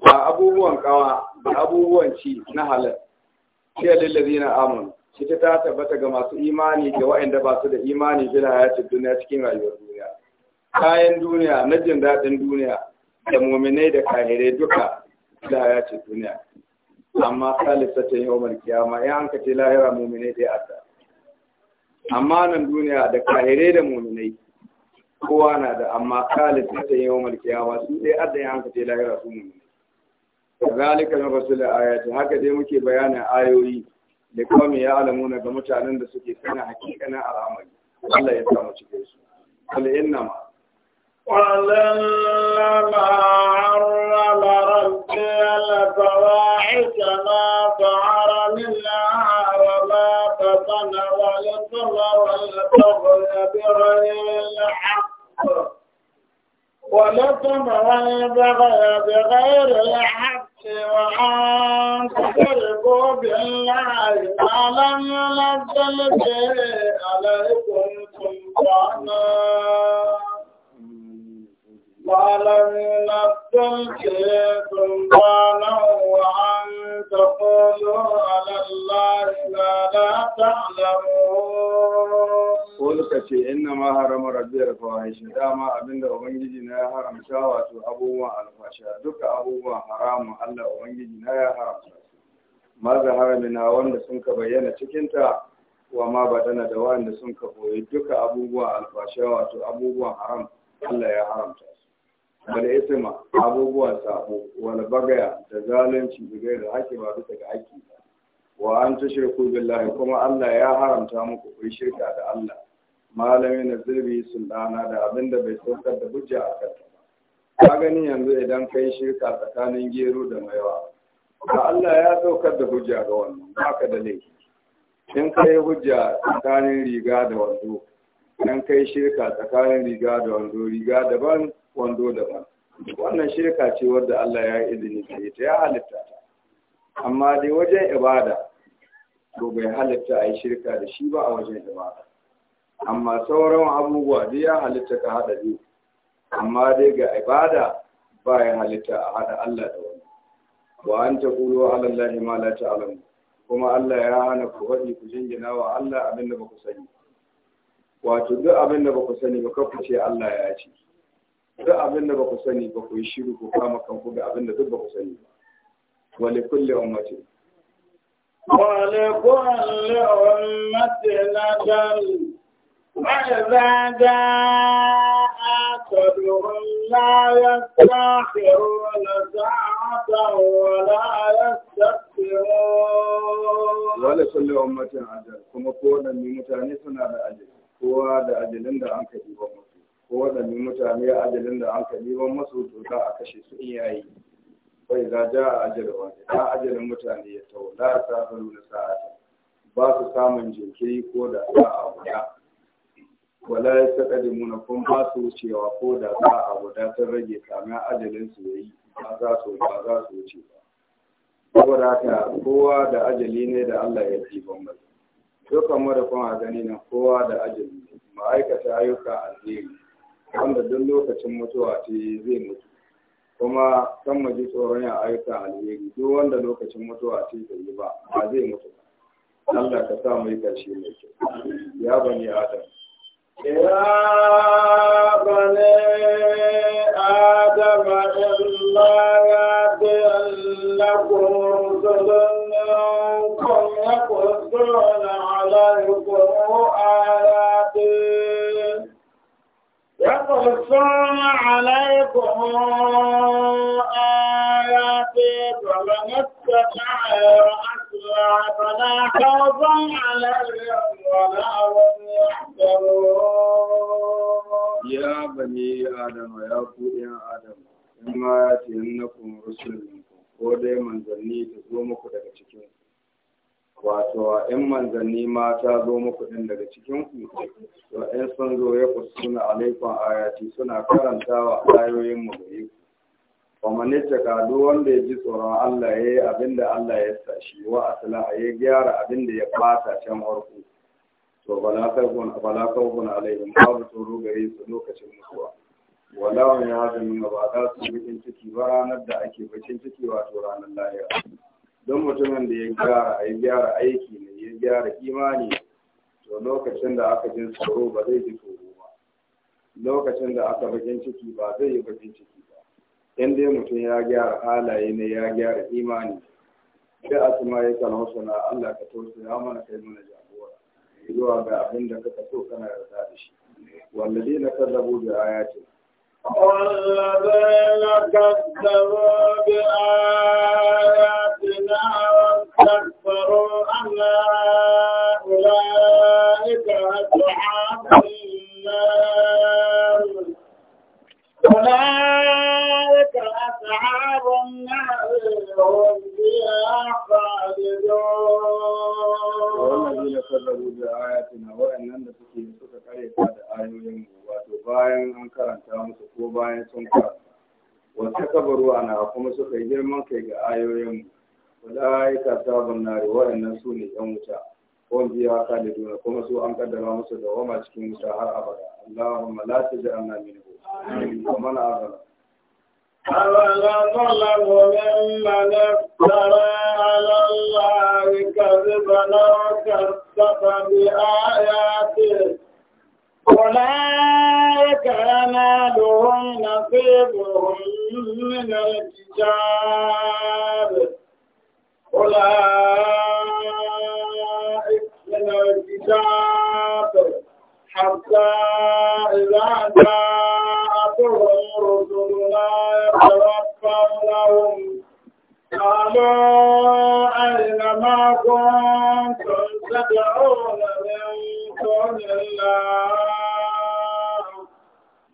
a abubuwan kawa ba abubuwan ci na halal iya lallazi na amanu shi ta tabbata ga masu imani ga waɗanda ba su da imani ya ci duniya cikin rayuwar duniya kayan duniya na jin daɗin duniya da muminai da kahirai duka ya ci duniya amma salisa ta mai kiyama ya an kace lahira mu'minai dai adda amma nan duniya da kahire da mu'minai kowa na da amma salisa ta mai kiyama su dai adda ya an kace lahira su mu'minai kazalika nafasul ayati haka dai muke bayanin ayoyi da kawai ya alamuna ga mutanen da suke sana na al'amari Allah ya samu cikin su kul innama qul innama إلى الفواحش ما ظهر منها وما بطن والإثم والبغي بغير الحق ولكم والبغي بغير الحق وأن تشركوا بالله ما لم ينزل به عليكم سلطانا ولم نكن شيئكم قالوا أن تقولوا على الله ما لا تعلمون Ka ce, Inna ma harama rabbiyar fahimshi, dama abinda Ubangiji na ya haramta wato abubuwan alfasha, duka abubuwan haramun Allah Ubangiji ya haramta su. Maza haramina wanda sun ka bayyana cikinta, wa ma badana da wanda sun ka koyi duka abubuwan alfasha wato abubuwan haram Allah ya haramta wal ma abubuwan sabo wani bagaya da zalunci da da haƙi ba bisa ga haƙi wa an shirku billahi kuma Allah ya haramta muku ku shirka da Allah malami na zirbi dana da abin da bai saukar da bujja a kanta ba ka gani yanzu idan kai shirka tsakanin gero da maiwa ka Allah ya saukar da bujja ga wannan ka da laifi in kai hujja tsakanin riga da wando nan kai shirka tsakanin riga da wando riga daban wando daban wannan shirka ce wadda Allah ya yi izini da ta ya halitta ta amma dai wajen ibada to bai halitta a yi shirka da shi ba a wajen ibada amma sauran abubuwa dai ya halitta ka haɗa biyu amma dai ga ibada ba ya halitta a haɗa Allah da wani wa an ta kulo alallahi ma la ta'lamu kuma Allah ya hana ku faɗi ku jingina wa Allah abin da ba ku sani wato duk abin da ba ku sani ba ku ce Allah ya ce duk abin da ba ku sani ba ku yi shiru ku kama kanku da abin da duk ba ku sani ba wali kulli ummati wali kulli ummati nadal وإذا جاء أحدهم لا يستأخرون ساعة ولا يستقدمون ولكل أمة أجل كما قلنا من متعنفنا بأجل kowa da ajalin da an ka ɗiban musu ko waɗanne mutane a ajalin da an ka ɗiban musu to za a kashe su in yayi bai za ja a ajalin wani ta ajalin mutane ya taho da ta faru na sa'ata ba su samun jinkiri ko da za a guda wala ya saɗa da munafan ba su wucewa ko da za a guda sun rage kamin ajalin su yayi ba za su ba za su wuce ba saboda haka kowa da ajali ne da Allah ya ɗiban masa Dukkan marafan a gani na kowa da ajali ma'aikata ayyuka alheri wanda duk lokacin mutuwa ce zai mutu kuma kan maji tsoron ya ayyuka alheri duk wanda lokacin mutuwa ce bai yi ba ba zai mutu Allah ka sa mai yi karshe mai kyau ya bani adam ya bani adam Allah ya bi lakum يتلون عليكم آياتي يقصون عليكم آياتي فمن اتبع وأسمع فلا خوف عليهم ولا هم يحزنون يا بني آدم يا بني آدم إما يأتينكم رسل منكم ko dai manzanni ta zo muku daga cikin wato in manzanni ma ta zo muku din daga cikin ku to in sun zo ya kusuna alaikum ayati suna karantawa ayoyin mu gare ku kuma ne ta wanda ya ji tsoron Allah ya yi abinda Allah ya sa shi wa ya gyara abinda ya fata can harku to bala kawun bala kawun alaihim babu tsoro gare su lokacin mutuwa wala ya zama ba za su bikin ciki ba ranar da ake bakin ciki wato ranar lahira don mutumin da ya gyara ya gyara aiki ne ya gyara imani to lokacin da aka jin tsoro ba zai ji tsoro ba lokacin da aka bakin ciki ba zai yi bakin ciki ba in dai mutum ya gyara halaye ne ya gyara imani sai asma ya kan na Allah ka tausaya mana kai mana jagora zuwa ga abin da kaka so kana yarda da shi والذين كذبوا بآياتنا والذين كذبوا بآياتنا a da kuma suka yi girman kai ga ayoyinmu. ulaika sabun nari wa'annan su ne yan wuta wan biya khaliduna kuma su an kaddara musu da wama cikin wuta har abada allahumma la taj'alna minhu amin abana أولا طلب ممن افترى على الله كذبا وكذب بآياته أولئك ينالهم نصيبهم من الكتاب أولئك من الكتاب حتى إذا جاءتهم رسلنا يتوفونهم قالوا أين ما كنتم تدعون من دون الله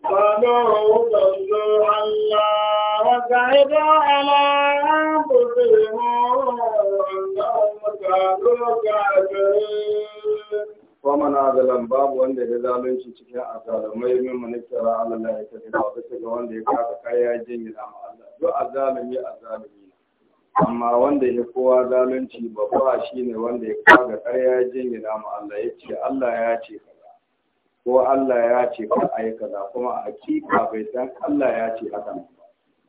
قالوا ضلوا عنا وشهدوا على أنفسهم ومن أظلم باب wanda ya zalunci cikin azalumai, min manikara Allah ya tafi ba bisa ga wanda ya kafa kaya jingina ma Allah duk azalumi azalumi amma wanda ya kowa zalunci babba shine wanda ya kaga kaya jingina ma Allah ya ce Allah ya ce kaza ko Allah ya ce ka ayi kaza kuma a hakika bai san Allah ya ce haka ba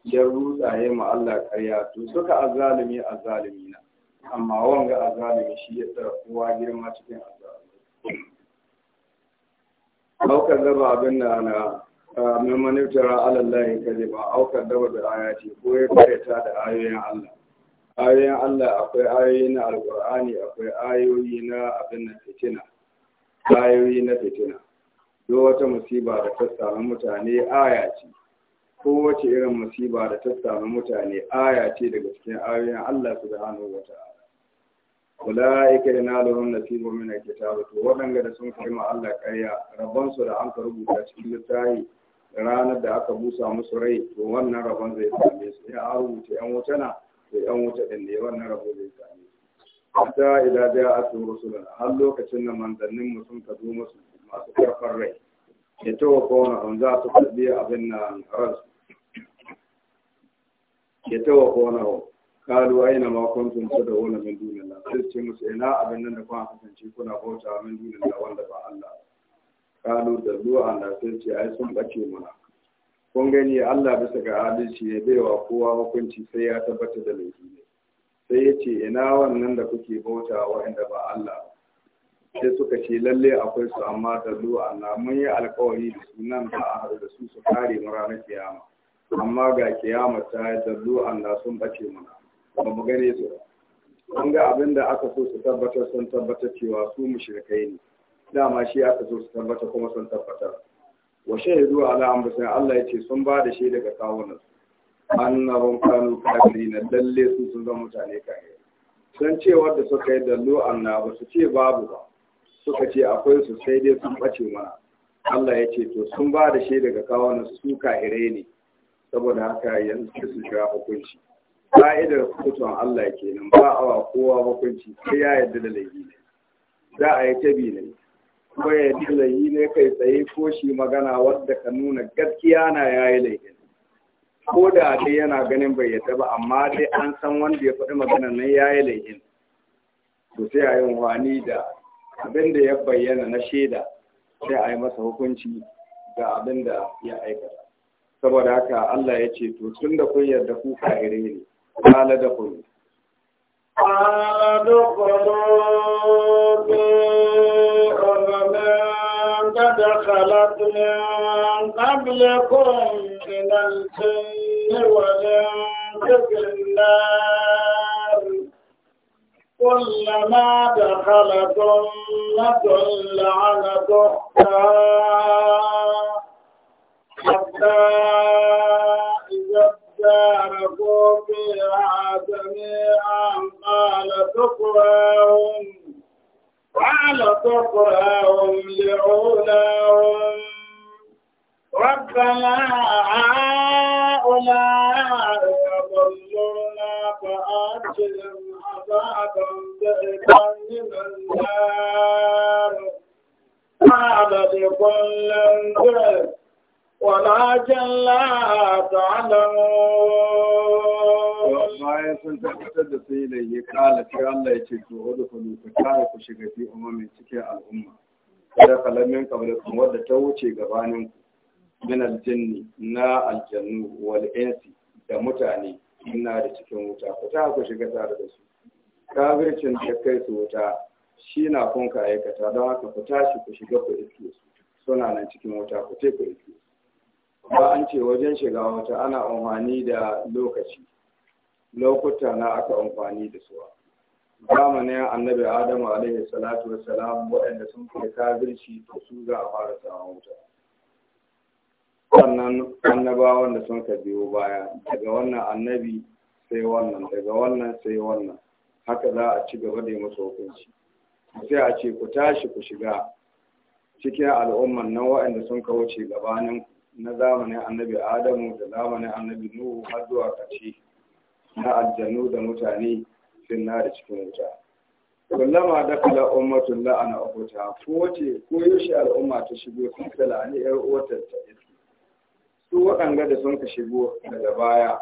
ya rutsaye ma Allah karya to suka azalumi azalumi na amma wanga azalimi shi ya tsara kowa girma cikin azalimi aukar zaba abin da na min manifara alallahi ba aukar daba da ce ko ya karyata da ayoyin Allah ayoyin Allah akwai ayoyi na alkur'ani akwai ayoyi na abin na fitina ayoyi na fitina duk wata musiba da ta samu mutane aya ce kowace irin musiba da ta samu mutane aya ce daga cikin ayoyin Allah su subhanahu wataala ulaika yanaluhum nasibun min alkitab to wadanga da sun kai ma Allah ƙarya rabban su da an rubuta cikin littafi ranar da aka busa musu rai to wannan rabon zai same su ya an rubuta yan wuta na to yan wuta din ne wannan rabon zai same su hatta idan ja a su rusulun har lokacin da manzannin mu sun ka zo musu masu karfar rai ya ta wa kowane an za su kalli abin na ransu ya ta wa kowane kalu aina ma kuntum tad'una min dunillah sai ce musu ina abin nan da kuma kasance kuna bauta min dunillah wanda ba Allah kalu da zuwa na sai ce ai sun bace mana kun gani Allah bisa ga adalci ya baiwa kowa hukunci sai ya tabbata da laifi ne sai ya ce ina wannan da kuke bauta wa'anda ba Allah sai suka ce lalle akwai su amma da zuwa na mun yi alkawari da nan ba a haɗu da su su kare mu ranar kiyama amma ga kiyama ta yi da zuwa na sun bace mana ba mu gane su an ga abin da aka so su tabbatar sun tabbatar cewa su mu shirkai ne dama shi aka so su tabbatar kuma sun tabbatar wa shahidu ala amrusin Allah ya ce sun ba da shi daga kawunan su. annabun kanu kafiri na lalle su sun zama mutane kare. sun ce wanda suka yi dallo ba su ce babu ba suka ce akwai su sai dai sun bace mana Allah ya ce to sun ba da shi daga kawunan su su kafirai ne saboda haka yanzu su shiga hukunci ka'idar kotun Allah ke nan ba a wa kowa hukunci sai ya yarda da laifi ne za a yi tabi ne ko ya yarda ne kai tsaye ko shi magana wadda ka nuna gaskiya na ya yi laifin ko da dai yana ganin bai yarda ba amma dai an san wanda ya faɗi maganar nan yi laifin to sai a yi wani da abin da ya bayyana na shaida sai a yi masa hukunci ga abin da ya aikata saboda haka Allah ya ce to tun da kun yarda ku ka'ire ne قال دخلوا قال دخلوا في أمم قد خلت من قبلكم من الجن والإنس في النار كلما دخلت أمة لعنت أختها حتى فاداركوا فيها جميعا قال سكراهم قال سكراهم لعولاهم ربنا هؤلاء يضلونا فآتهم عذابا ضعفا من النار قال لكل ضعف ولكن لا تعلمون bayan sun tabbatar da sai da ya kala sai Allah ya ce to wadda ku ta kare ku shiga fi umamin cikin al'umma da wadda ta wuce gabanin ku min na da mutane ina da cikin wuta ku ta ku shiga tare da su kafircin da kai su wuta shi na kun ka aikata don haka ku tashi ku shiga ku iske su suna nan cikin wuta ku te ku iske su ba an ce wajen shiga wata ana amfani da lokaci lokuta na aka amfani da suwa zamanin annabi adamu alaihi salatu wassalam waɗanda sun fi kafirci to su za a fara samun wuta sannan annabawan da sun ka biyo baya daga wannan annabi sai wannan daga wannan sai wannan haka za a ci gaba da yi hukunci sai a ce ku tashi ku shiga cikin al'umman nan waɗanda sun ka wuce gabanin na zamanin annabi adamu da zamanin annabi nuhu har zuwa ƙarshe na aljannu da mutane sun na da cikin wuta kullama da kala ummatun la'ana ubuta ko wace ko yaushe al'umma ta shigo sun ta la'ani yar uwarta ta iski su waɗanga da sun ka shigo daga baya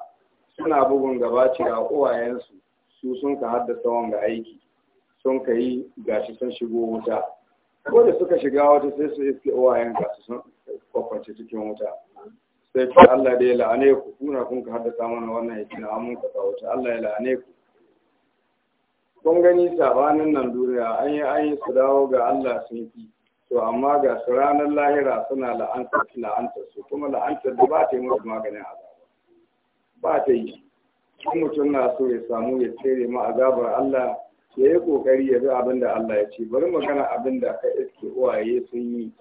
suna bugun gaba cira uwayensu su sun ka haddasa wanga aiki sun ka yi gashi sun shigo wuta ko da suka shiga wata sai su iske uwayen gasu kwakwace cikin wuta sai ce Allah da ya la'ane ku kuna kun ka haddasa mana wannan hikima amun ka kawo wuce Allah ya la'ane ku kun gani sabanin nan duniya an yi an yi su dawo ga Allah sun ki to amma ga su ranar lahira suna la'antar la'antar su kuma la'antar da ba ta yi musu maganin azaba ba ta yi in mutum na so ya samu ya tsere ma azabar Allah ya yi kokari ya bi abin da Allah ya ce bari magana abin da ka iske uwaye sun yi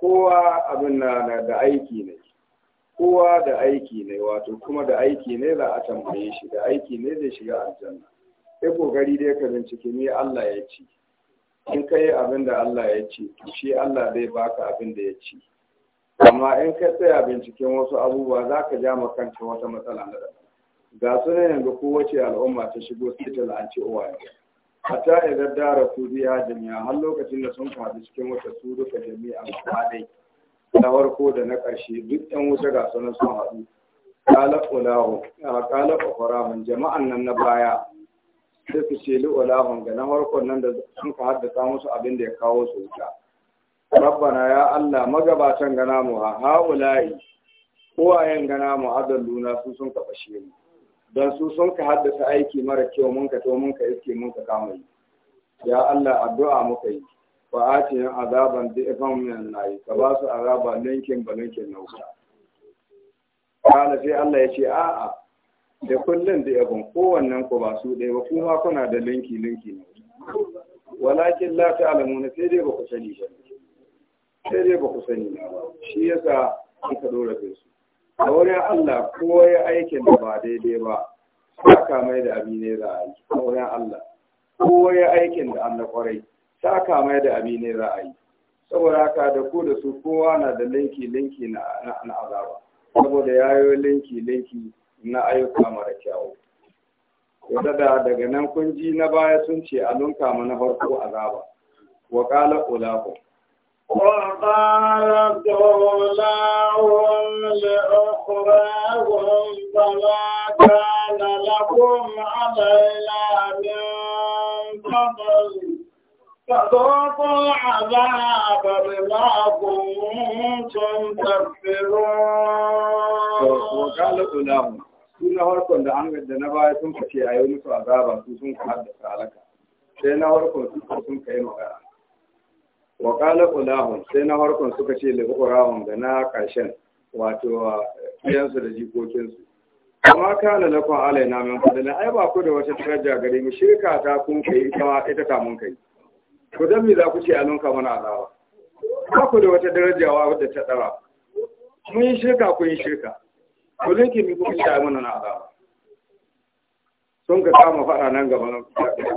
kowa abin na da aiki ne kowa da aiki ne wato kuma da aiki ne za a tambaye shi da aiki ne zai shiga aljanna sai kokari dai ka bincike ne Allah ya ci in ka yi abin da Allah ya ci shi Allah zai baka abin da ya ci amma in ka tsaya binciken wasu abubuwa za ka ja ma kanka wata matsala na da ga su ne yanzu kowace al'umma ta shigo an ta la'anci yanzu. hatta idan dara su biya jami'a har lokacin da sun faɗi cikin wata su duka jami'a ba dai na farko da na ƙarshe duk ɗan wuta ga sunan sun haɗu kala ulahu kala jama'an nan na baya sai su ce li'ulahun ga na farkon nan da sun ka haddasa musu abin da ya kawo su wuta rabbana ya Allah magabatan gana mu ha haula'i uwayen gana mu adalluna su sun kafa shi mu don su sun ka haddasa aiki mara kyau mun ka to mun ka iske mun ka kama yi ya Allah addu'a muka yi wa atin azaban da ifan min nayi ka ba su azaba ninkin ba ninkin na wuta kana sai Allah ya ce a'a da kullun da ifan wannan ku ba su da ba kuma kuna da linki linki na wuta walakin la ta'lamuna sai dai ba ku sani ba sai dai ba ku sani ba shi yasa kuka dora su a wurin Allah ko ya aikin da ba daidai ba ta mai da abi ne za a yi a wurin Allah ko ya aikin da Allah kwarai ta mai da abi ne za a yi saboda haka da ku da su kowa na da linki linki na azaba saboda yayo linki linki na ayyuka mara kyawu wata da daga nan kun na baya sun ce a lunka na farko azaba wa kala ulahu وقالت أولاهم لأخراهم فما كان لكم علينا من فضل فذوقوا العذاب بما كنتم تكفرون. وقالت أولاهم suna harkon da an da na baya sun kace a yi musu su sun ka haddasa halaka sai na harkon sun yi magana wa kala ulahum sai na harkon suka ce da ukurahum da na karshen wato iyansu da jikokinsu amma kana alai alaina min fadlan ai ba ku da wata daraja gare mu shirka ta kun kai kawa ita ta mun kai ku dan me za ku ce alunka ka mana alawa ba ku da wata daraja wa wadda ta tsara mun yi shirka ku yi shirka ku linki mi ku ta mana na alawa sun ka kama faɗa nan gaba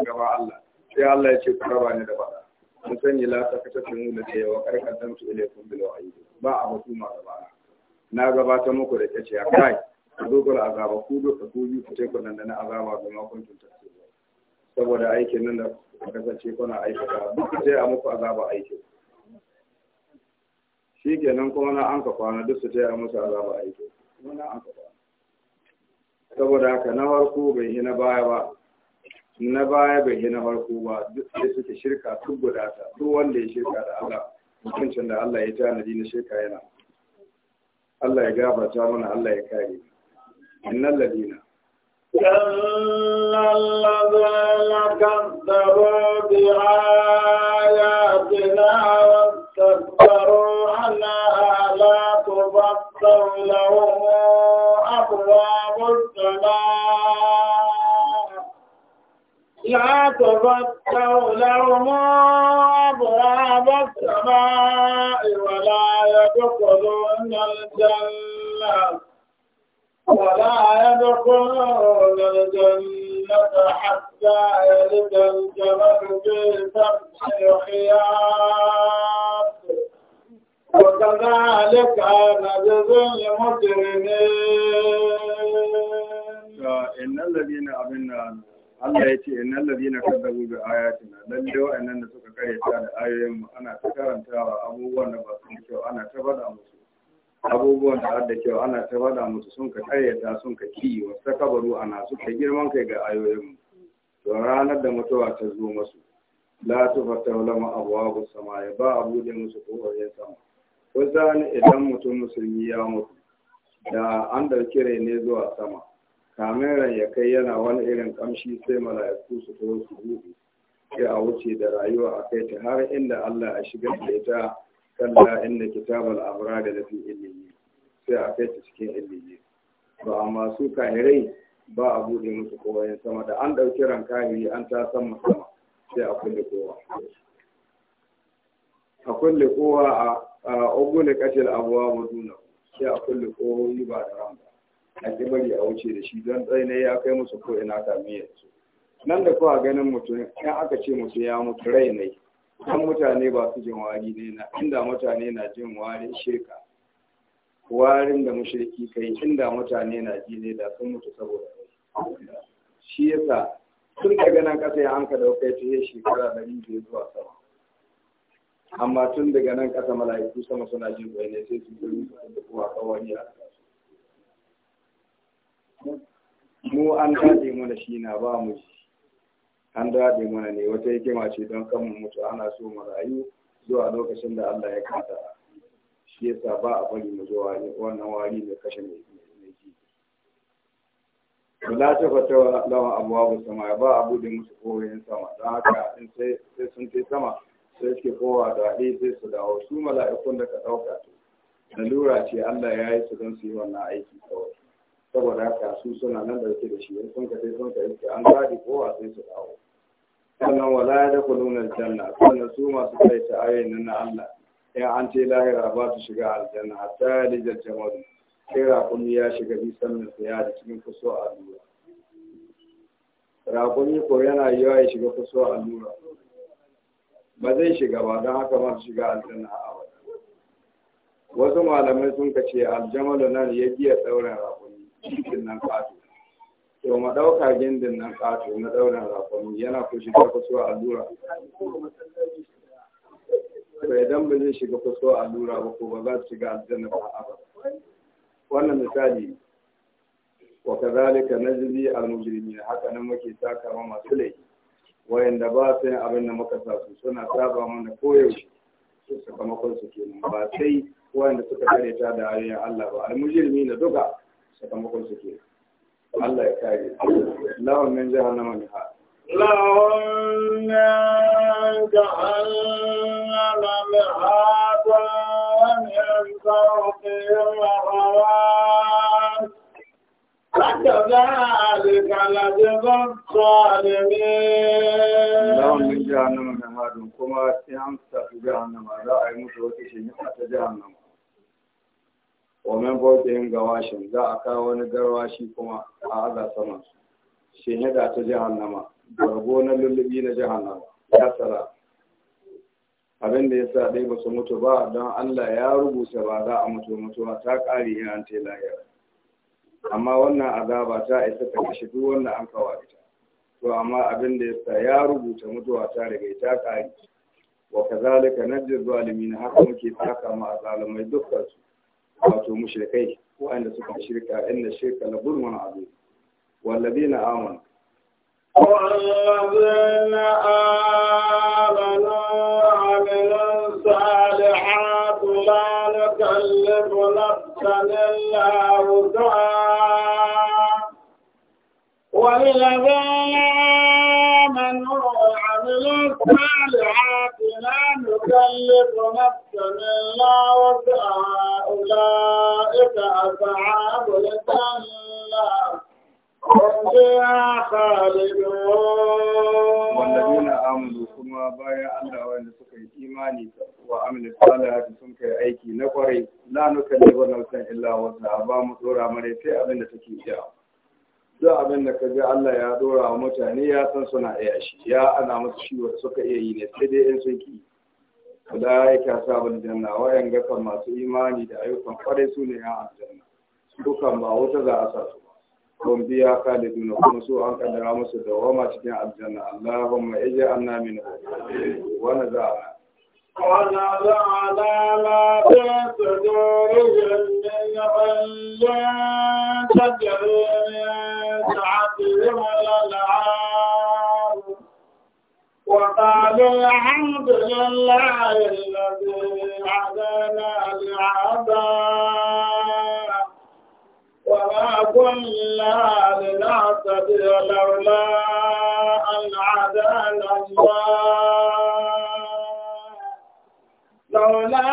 gaba Allah sai Allah ya ce ku raba ni da faɗa. an sani la ta kata sun nuna da yawa karkar dan su ile kun bilo ayi ba a batu ma ba, na gabata muku da kace ya kai ku dogara azaba ku duka ku yi ku ku nan da na azaba ga makuntun ba, saboda aikin nan da kuka kasance kuna aikata ku ce a muku azaba aikin shi kenan kuma na an kwana duk su a musu azaba aiki kuma na anka kwana saboda haka na farko bai yi na baya ba na baya bai yi na farko ba duk da suke shirka duk guda ta duk wanda ya shirka da Allah mutuncin da Allah ya tanadi na shirka yana Allah ya gafarta mana Allah ya kare innal ladina innal ladina kadzabu لا تفتح لهم أبواب السماء ولا يدخلون الجنة ولا يدخلون الجنة حتى يلد الجمل في سبح الخياط وكذلك نجزي المجرمين إن الذين أبنى Allah ya ce innal ladina kadzabu bi ayatina lalle wa'annan da suka karyata da ayoyin mu ana ta karantawa abubuwan da ba su da kyau ana ta bada musu abubuwan da har da kyau ana ta bada musu sun ka karyata sun ka ki wa kabaru ana suka girman kai ga ayoyin mu to ranar da mutuwa ta zo masu la tufattahu lahum abwabu samai ba abu da musu kofofin sama ko idan mutum musulmi ya mutu da an dauki ne zuwa sama kameran ya kai yana wani irin kamshi sai mala'iku su zo su buɗe sai a wuce da rayuwa a kai ta har inda Allah a shigar da ita kalla inda kitabul abra da lafi ilimi sai a kai ta cikin ilimi ba amma su kahirai ba a buɗe musu kowayen sama da an ɗauki ran kahiri an ta san sama sai a kulle kowa a kulle kowa a ugule kashil abuwa sai a kulle kowa ba da ran a bari a wuce da shi don tsaye ya kai musu ko ina kami ya su nan da kuwa ganin mutum in aka ce mutum ya mutu rai ne kan mutane ba su jin wari ne na inda mutane na jin warin shirka warin da mushriki kai inda mutane na ji ne da sun mutu saboda shi yasa tun daga nan kasa ya an ka dauka ta yi shekara ɗari biyu zuwa sama amma tun daga nan kasa mala'iku sama suna jin wani sai su yi da kowa kawai ya mu an daɗe mana shi na ba mu shi an daɗe mana ne wata hikima ce don kan mutu ana so mu rayu zuwa lokacin da Allah ya kanta shi yasa ba a bari mu zuwa wannan wari mai kashe mai ji wala ta fata lawa abuwa sama ba a bude musu koyon sama don haka in sai sun kai sama sai suke kowa da haɗe sai su dawo su mala'ikun da ka ɗauka to lura ce Allah ya yi su don su yi wannan aiki kawai saboda haka su suna nan da dauke da shi in sun ka sai sun ka yanke an gadi ko a sai su dawo sannan wala ya dafa nuna aljanna sannan su masu kai ta ayyana nan na Allah in an ce lahira ba su shiga aljanna hatta ya lijar sai Raƙumi ya shiga sannan na ya da cikin kuso a duniya Raƙumi ko yana yiwa ya shiga kuso a duniya ba zai shiga ba don haka ba su shiga aljanna a abada wasu malamai sun ka ce aljamalu nan ya biya tsauran rakumi gindin nan ƙato to ma dauka gindin nan ƙato na ɗaurin rafanu yana kushi shiga kusurwa allura to idan ba zai shiga kusa allura ba ko ba za su shiga aljanna ba abada wannan misali wa kazalika najzi al-mujrimin haka nan muke saka ma masu laifi wayanda ba su yin abin da muka sa suna saba mana koyaushe su sakamakon su kenan ba sai wayanda suka ta da ayoyin Allah ba al-mujrimin da duka sakamakon su ke Allah ya kare lahun min jahannama ne ha lahun min jahannama ne ha كذلك لجزى الظالمين لهم من جهنم مهاد كما تنسى في جهنم لا أي مشروع شيء حتى جهنم wa min fawqihim gawashin za a kawo wani garwashi kuma a aza saman su shehada ta jahannama bargo na lullubi na jahannama ya tsara abin da ya sa dai ba su mutu ba don Allah ya rubuta ba za a mutu mutuwa ta ƙare in an ta lahira amma wannan azaba ta isa ta kashe duk wanda an kawo ita to amma abin da ya sa ya rubuta mutuwa ta riga ta ƙare wa kazalika najzi zalimin haka muke saka ma zalimai dukkan su wato mushrikai waɗanda suka shirka inna shirka la zulmun والذين آمنوا والذين آمنوا وعملوا الصالحات لا نكلف نفسا إلا وسعها والذين آمنوا وعملوا الصالحات نكلف نفسا إلا وسعها أولئك أصحاب الجنة هم فيها خالدون والذين آمنوا كما بايع الله وإن سكي إيماني وعمل الصالحات سنك أيكي نقري لا نكلف نفسا إلا وسعها بامطورة مريتي أبن تكي جاء duk abin da ka ji Allah ya dora wa mutane ya san suna iya shi ya ana musu shi suka iya yi ne sai dai in sun ki ulaika ashabul janna wayan ga kan masu imani da ayyukan kwarai su ne yan aljanna dukan ba wuta za a sa su kun biya khalidun kuma su an kaddara musu wama cikin aljanna allahumma ij'alna minhu wa ما في صدورهم من غل تجري من تحتهم وقالوا الحمد لله الذي هدانا لهذا وما كنا لنهتدي لولا أن هدانا الله لولا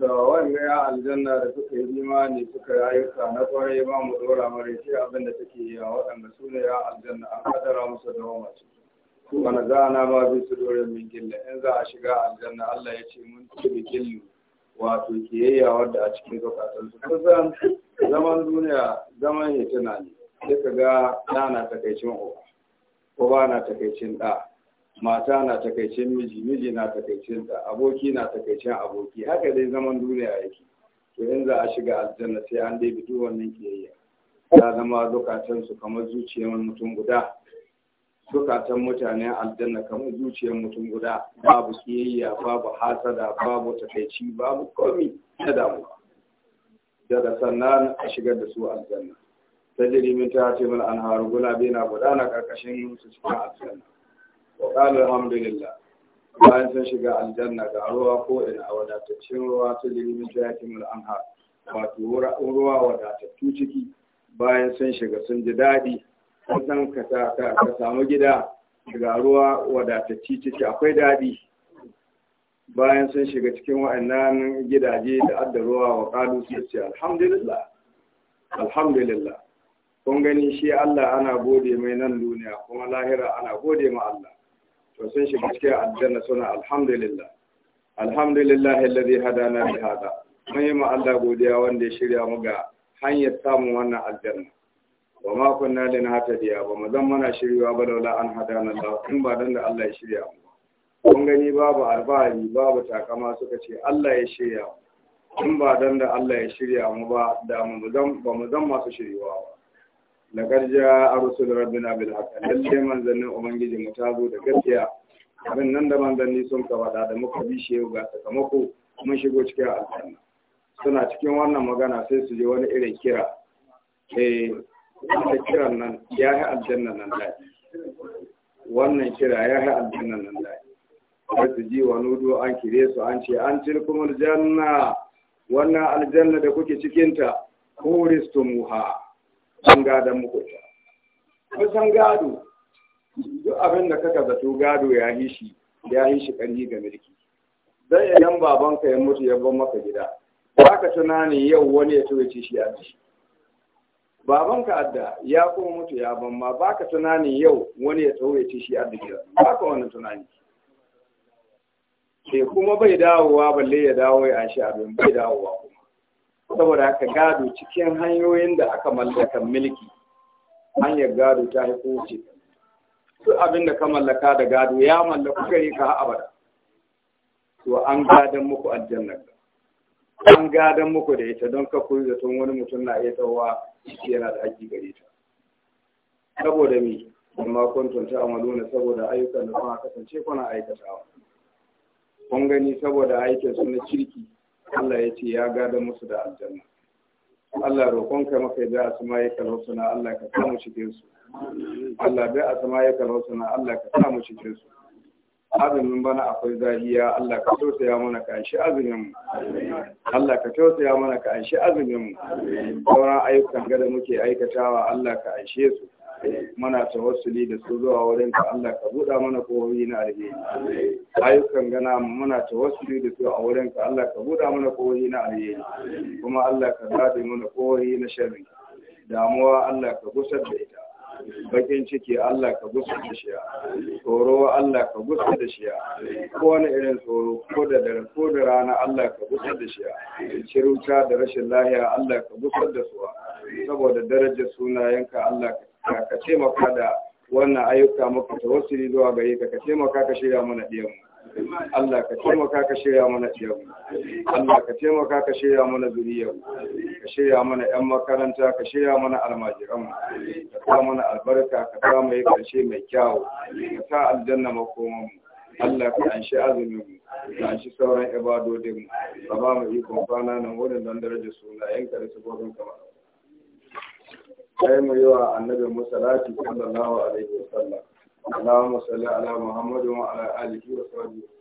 to wanda ya aljanna da suka yi imani suka yi ayyuka na kwarai ba mu dora mare shi abin da take yi a waɗanda su ne ya aljanna an kadara musu da wama ce wani na ma bi su dore min gilla in za a shiga aljanna Allah ya ce mun ci da gillu wato kiyayya wadda a cikin zukatan su kusan zaman duniya zaman hitina ne sai ka ga ɗa na takaicin uba uba na takaicin ɗa mata na takaicin miji miji na takaicin ta aboki na takaicin aboki haka dai zaman duniya yake to in za a shiga aljanna sai an dai bi wannan kiyayya ya zama zukatan su kamar zuciyar mutum guda zukatan mutane aljanna kamar zuciyar mutum guda babu kiyayya babu hasada babu takaici babu komi na damuwa daga sannan a shigar da su aljanna tajiri min ta ce mana an haru gulabe na gudana karkashin su cikin aljanna wa alhamdulillah bayan sun shiga aljanna ga ruwa ko ina a wadataccen ruwa ta jirgin shayatin al'anha wato ruwa wadatattu ciki bayan sun shiga sun ji daɗi kusan ka samu gida ga ruwa wadatacci ciki akwai daɗi bayan sun shiga cikin wa'annan gidaje da adda ruwa wa ƙalu su ce alhamdulillah alhamdulillah kun gani shi Allah ana gode mai nan duniya kuma lahira ana gode ma Allah to sun shiga cikin aljanna suna alhamdulillah alhamdulillah لله الذي هدانا hada mun yi ma Allah godiya wanda ya shirya mu ga hanyar samun wannan aljanna wa ma kunna شريوا ba mu zan الله ان ba الله يشريا da Allah kun gani babu alfahari babu takama suka ce Allah ya shirya mu in ba dan da Allah ya shirya mu ba da mu zan ba mu zan masu shiryuwa ba laqad jaa rusul rabbina bil da lalle manzannin ubangiji mu ta zo da gaskiya abin nan da manzanni sun ka wada da muka bi shi ga sakamako mun shigo cikin aljanna suna cikin wannan magana sai su je wani irin kira eh da kiran nan ya yi aljanna nan da wannan kira ya yi aljanna nan da sai su ji wani nudu an kire su an ce an tilkumul janna wannan aljanna da kuke cikinta ko ristu muha an gadon makwabta kusan gado duk abin da kaka zato gado ya yi shi ya yi shi ƙarni ga mulki dan idan babanka ya mutu ya bar maka gida Ba ka tunani yau wani ya tuwace shi a ci babanka adda ya kuma mutu ya ban ma ba ka tunanin yau wani ya tuwace shi a gida ba ka wani tunani ke kuma bai dawowa balle ya dawo ya shi abin bai dawowa saboda haka gado cikin hanyoyin da aka mallaka milki hanyar gado ta haifo ce Su abin da ka mallaka da gado ya mallaka gare ka abada to an gadon muku aljanna an gadon muku da ita don ka koyi tun wani mutum na iya tsawa yana da haƙi gare ta saboda me amma kun tunta amaluna saboda ayyukan da kuma kasance kuna aikatawa kun gani saboda aikin su na kirki Allah ya ce ya gada musu da aljanna Allah roƙonka maka bi asma'ikal na Allah ka samu cikin su Allah bi asma'ikal na Allah ka samu cikin su azumin bana akwai zahiya Allah ka tausaya mana ka shi azumin mu Allah ka tausaya mana ka shi azumin mu sauran ayyukan gada muke aikatawa Allah ka aishe su muna tawassuli da su zuwa wurin ka Allah ka buɗa mana kohohi na alheri ayyukan gana muna tawassuli da su a wurin ka Allah ka buɗa mana kohohi na alheri kuma Allah ka zaɓe mana kohohi na sharri damuwa Allah ka gusar da ita bakin ciki Allah ka gusar da shi tsoro Allah ka gusar da shi ko wani irin tsoro ko da dare ko da rana Allah ka gusar da shi ciruta da rashin lahiya Allah ka gusar da su saboda darajar sunayenka Allah ka ka taimaka da wannan ayyuka ta wasu zuwa gare ka ka taimaka ka shirya mana ɗiyanmu Allah ka taimaka ka shirya mana diyan Allah ka taimaka ka shirya mana zuriyar ka shirya mana yan makaranta ka shirya mana almajiran ka sa mana albarka ka sa mu yi karshe mai kyau ka sa aljanna makomanmu, mu Allah ka anshi azumin mu ka anshi sauran ibadodinmu, mu ka ba mu ikon kwana nan wurin don darajar sunayen ka da sabobin kamar ayi mai yi wa annabi musalati sallallahu alaihi wasallam ala صل Muhammadu محمد وعلى wa وصحبه